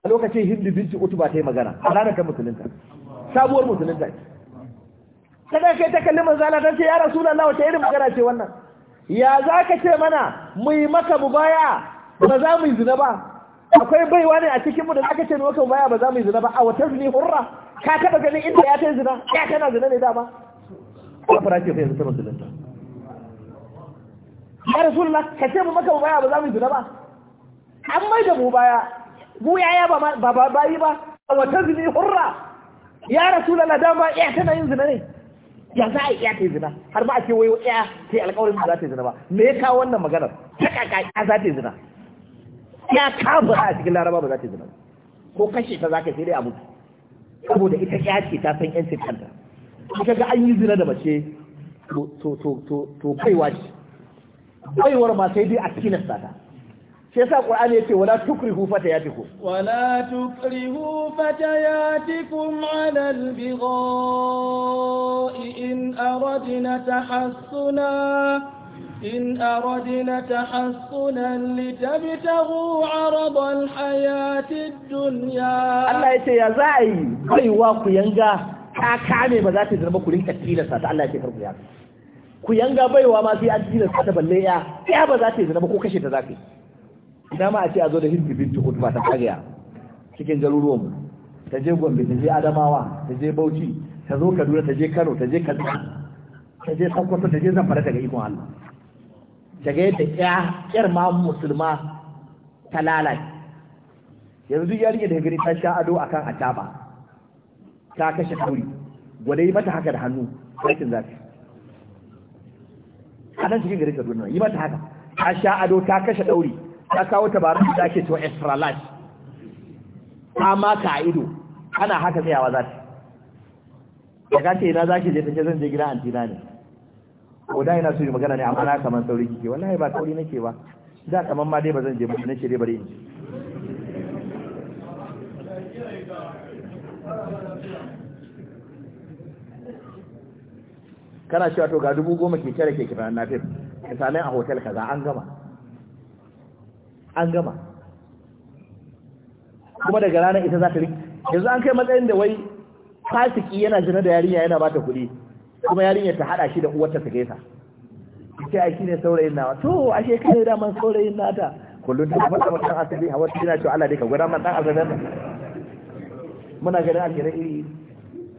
a lokacin hindu binci utu ba ta yi magana a ranar ta musulunta sabuwar musulunta ce kada kai ta kalli manzala ta ce ya rasu nawa ta irin magana ce wannan ya za ka ce mana mu yi maka mubaya ba za mu yi zina ba akwai baiwa ne a cikinmu da za ka ce mu maka mubaya ba za mu yi zina ba a wata zini hurra ka taba ganin inda ya ta zina ya tana zina ne dama kafara ce sai yanzu ta musulunta ya rasulullah ka ce mu maka mu baya ba za mu zina ba an mai da mu baya mu yaya ba ba bayi ba wata zini hurra ya rasulullah dama ya tana yin zina ne ya za a iya ta zina har ma a ce wai ya ta alƙawarin ba za ta zina ba me ya kawo wannan maganar ta kaka ya za ta zina ya kafa a cikin laraba ba za ta zina ko kashe ta za ka sai dai a mutu saboda ita ya ce ta san yancin kanta ita ga an yi zina da mace to kaiwa ce baiwar ma sai dai a cikin sata, shi yasa ƙur'ani ce wala tukrihu fatayatikum wala tukrihu fatayatikum ala albigha in aradna tahassuna إن أردنا تحصنا لتبتغوا عرض الحياة الدنيا الله يتي يا زعي بي واقو ينجا كاكامي بذات ذنبا كلين تكيلة ساتة الله يتي كربو يابي ku yanga baiwa ma sai an tilas ta balle ya ya ba za ta yi zama ko kashe ta za ina ma a ce a zo da hindi bintu kutuba ta kariya cikin garuruwan mu ta je gombe ta je adamawa ta je bauchi ta zo kaduna ta je kano ta je kaduna ta je sokoto ta je zamfara daga ikon allah daga yadda ya ma musulma ta lalace yanzu yarinya da gari ta sha ado akan ataba ta kashe kauri gwadai mata haka da hannu aikin zafi a nan cikin gari kaduna yi mata haka ta sha ado ta kashe ɗauri ta kawo tabarin da ake cewa extra large ta maka a ido ana haka tsayawa zafi da kace na zaki je take zan je gida antina ne koda yana so yi magana ne amma na kaman sauri kike wallahi ba sauri nake ba da kaman ma dai ba zan je ba nake dai bare ni kana cewa to ga dubu goma ke kere ke kira na fit ka a hotel kaza an gama an gama kuma daga ranar ita za ta rike yanzu an kai matsayin da wai fasiki yana jina da yarinya yana bata kuɗi kuma yarinya ta hada shi da uwarta ta gaisa ce ai shine saurayin nawa to ashe kai da man saurayin nata kullun ta faɗa wa dan asabi hawa na to Allah dai ka gwada man dan asabi nan muna ganin alkira iri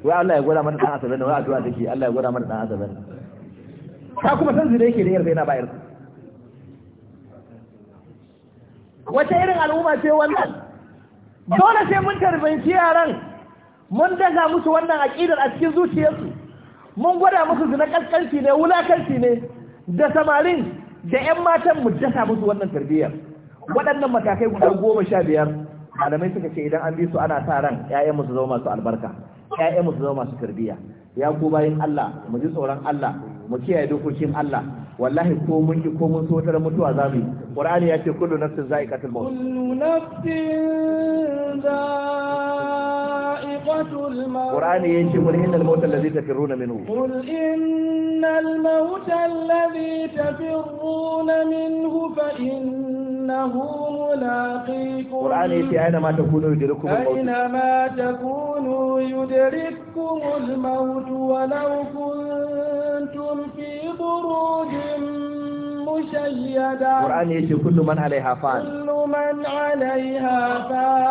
wai Allah ya gwada mana dan asabi nan wai addu'a take Allah ya gwada mana dan asabi ka ta kuma san zai yake da yarda yana bayar Wace irin al'umma ce wannan dole sai mun tarbanci yaran mun daga musu wannan aqidar a cikin zuciyarsu mun gwada musu zina kaskanci ne wulakanci ne da samarin da 'yan matan mu dasa musu wannan tarbiyyar waɗannan matakai guda goma sha biyar malamai suka ce idan an bi su ana sa ran 'ya'yan musu zama masu albarka 'ya'yan musu zama masu tarbiyya ya ko bayan Allah mu ji tsoron Allah mu kiyaye dokokin Allah wallahi ko mun ki ko mun so tare mutuwa za mu yi qur'ani ya ce kullu nafsin za'iqatul maut kullu nafsin za'iqatul ذائقة الموت قرآن يشي قل إن الموت الذي تفرون منه قل إن الموت الذي تفرون منه فإنه ملاقيكم قرآن يشي أينما تكونوا يدرككم الموت أينما تكونوا يدرككم الموت ولو كنتم في بروج مشيدا القرآن يجي كل من عليها فان كل من عليها فان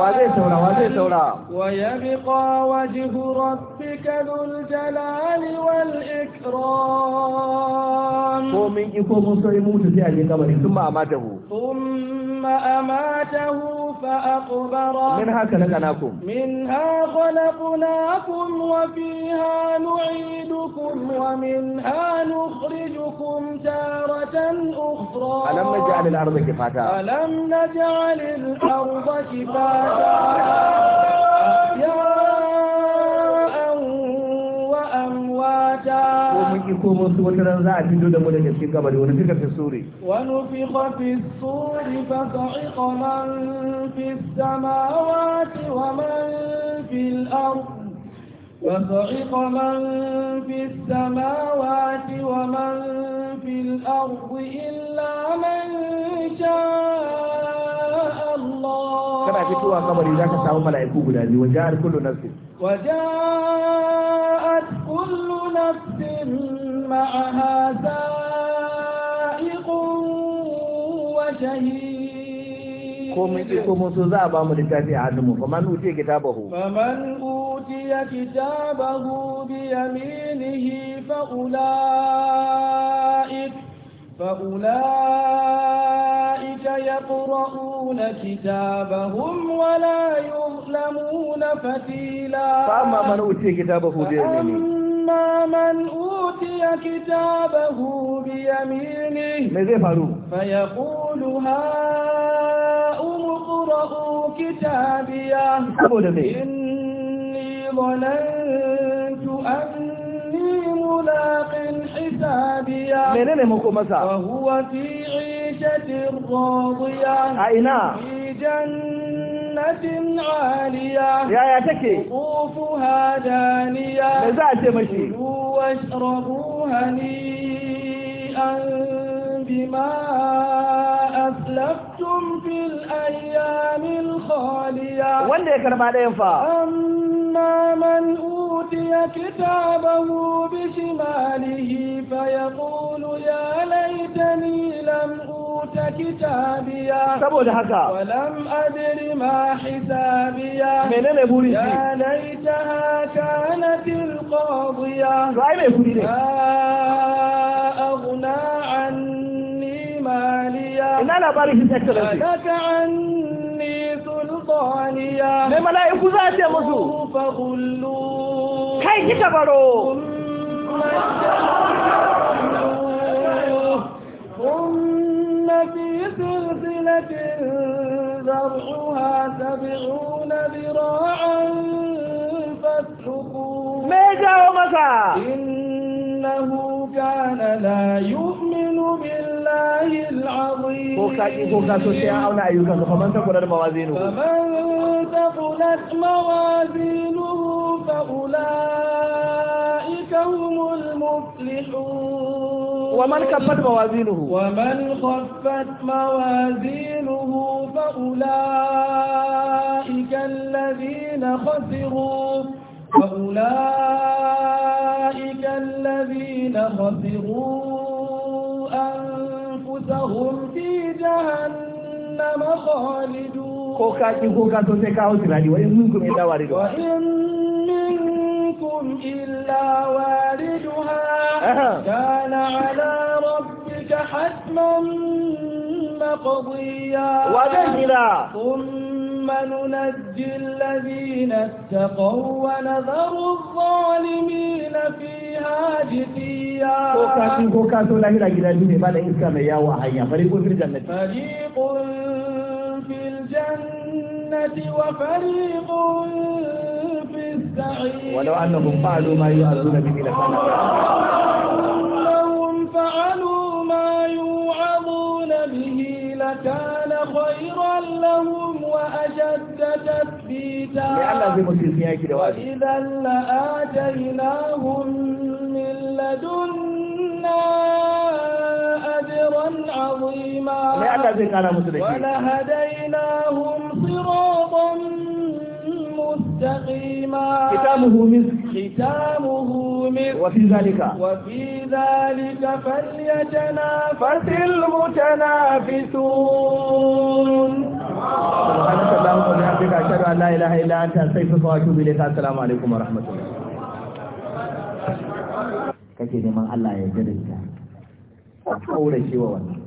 وزي سورة وزي سورة ويبقى وجه ربك ذو الجلال والإكرام قومي يقوم صيموت في أهل قبره ثم أماته ثم أماته فأقبره منها خلقناكم منها خلقناكم وفيها نعيدكم ومنها نخرجكم تارة مرة أخرى ألم نجعل الأرض كفاتا ألم نجعل الأرض كفاتا أحياء وأمواتا ومن يكون ذا أجل دون ملك الشيكة ونفخ في السور ونفخ في السور فصعق من في السماوات ومن في الأرض وصعق من في السماوات ومن في الأرض إلا من شاء الله كما وجاءت كل نفس وجاءت كل نفس معها سائق وشهيد komai sai ko mun so za فمن ba mu littafi أوتي كتابه بيمينه فأولئك فأولئك يقرؤون كتابهم ولا يظلمون فتيلا فأما من أوتي كتابه بيمينه أما من أوتي كتابه بيمينه فيقول ها هاؤم اقرءوا كتابيه ظننت أني ملاق حسابيا منين مكومسا وهو في عيشة راضية أينا في جنة عالية يا يا تكي قطوفها دانية مزاج مشي كلوا واشربوا هنيئا بما أسلفتم في الأيام الخالية وين يا كرمان أنفا أما من أوتي كتابه بشماله فيقول يا ليتني لم أوت كتابيا ولم أدر ما حسابيا يا إيه؟ ليتها كانت القاضية ما أغنى عني ماليا هلك عني anni sultaniya mai mala'iku za ce musu fa kullu kai ki tabaro kunna fi silsilatin zar'uha sab'una dira'an fatruku me jawo فأولئك هم المفلحون ومن خفت موازينه ومن خفت موازينه فأولئك الذين خسروا فأولئك الذين خسروا أن أنفسهم في جهنم خالدون كوكا كوكا توسيكا أوسرادي وإن منكم إلا واردها وإن منكم إلا واردها كان على ربك حتما مقضيا وذهلا ثم ثم ننجي الذين اتقوا ونذر الظالمين فيها جثيا كوكاتي كوكاتي لا بعد إن كان يا فريق في الجنة فريق في الجنة وفريق في السعير ولو أنهم فعلوا ما يؤذون به لكان لهم فعلوا لكان خيرا لهم وأشد تثبيتا وإذا لآتيناهم من لدنا أجرا عظيما ولهديناهم صراطا مستقيما ختامه مسك ختامه مسك وفي ذلك وفي ذلك فليتنافس المتنافسون سبحانك اللهم وبحمدك اشهد ان لا اله الا انت استغفرك واتوب اليك السلام عليكم ورحمه الله kake neman Allah ya yarda da a kaura cewa wannan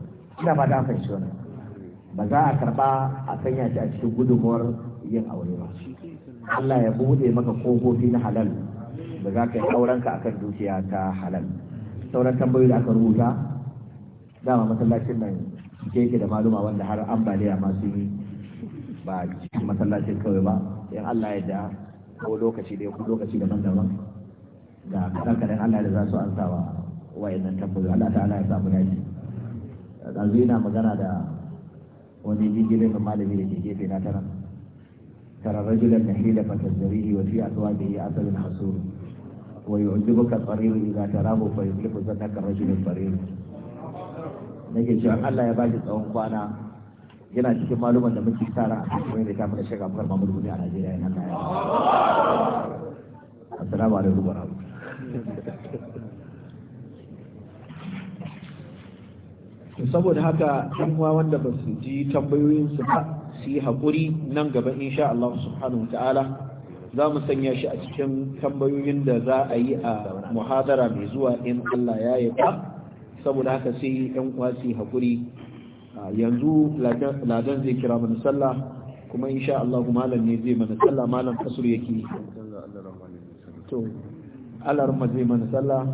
ina ba ta fahimci wannan ba za a karba a sanya shi a cikin gudunmuwar yin aure ba Allah ya bude maka kofofi na halal da za ka yi aurenka akan dukiya ta halal sauran tambayoyi da aka rubuta dama masallacin nan keke yake da maluma wanda har ambaliya masu yi ba cikin masallacin kawai ba in Allah ya da ko lokaci da ko lokaci daban-daban da kadan-kadan Allah da za su ansa wa wayannan tambayoyi Allah ta'ala ya samu dace yanzu yana magana da wani jigilin malami da ke gefe na tanan ترى رجلا نحيل فتزريه وفي أسواده أثر حصور ويعجبك الطريق إذا تراه فيخلف ذاتك الرجل الطريق نجي جاء Allah ya bashi tsawon kwana yana cikin maluman da muke tara a cikin da ta mana shiga farma mulmuni a Najeriya yana kaya. Assalamu alaikum wa Saboda haka in wanda ba su ji tambayoyin su ba su yi haƙuri nan gaba insha Allah subhanahu ta'ala za mu sanya shi a cikin tambayoyin da za a yi a muhadara mai zuwa in Allah ya yi ba saboda haka sai yan kwasi haƙuri yanzu ladan zai kira mana sallah kuma insha Allah malam ne zai mana sallah malam kasur yake to alarma zai mana sallah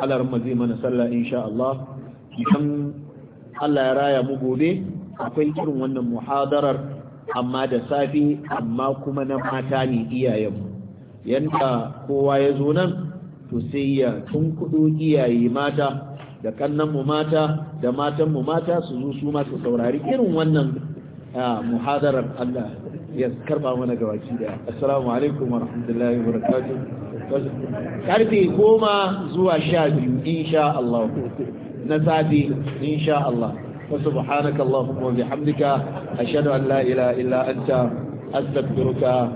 alarma zai mana sallah insha Allah idan Allah ya raya mu gobe akwai irin wannan muhadarar amma da safi amma kuma na mata ne iyayenmu yanda kowa ya zo nan to sai ya tunkudo iyaye mata da kannanmu mata da matanmu mata su zo su masu saurari irin wannan muhadarar Allah ya karba mana gabaki da assalamu alaikum wa rahmatullahi wa barakatuh karfe goma zuwa sha biyu insha Allah na sati insha Allah wa subhanaka Allahumma wa bihamdika ashhadu an la ilaha illa anta astaghfiruka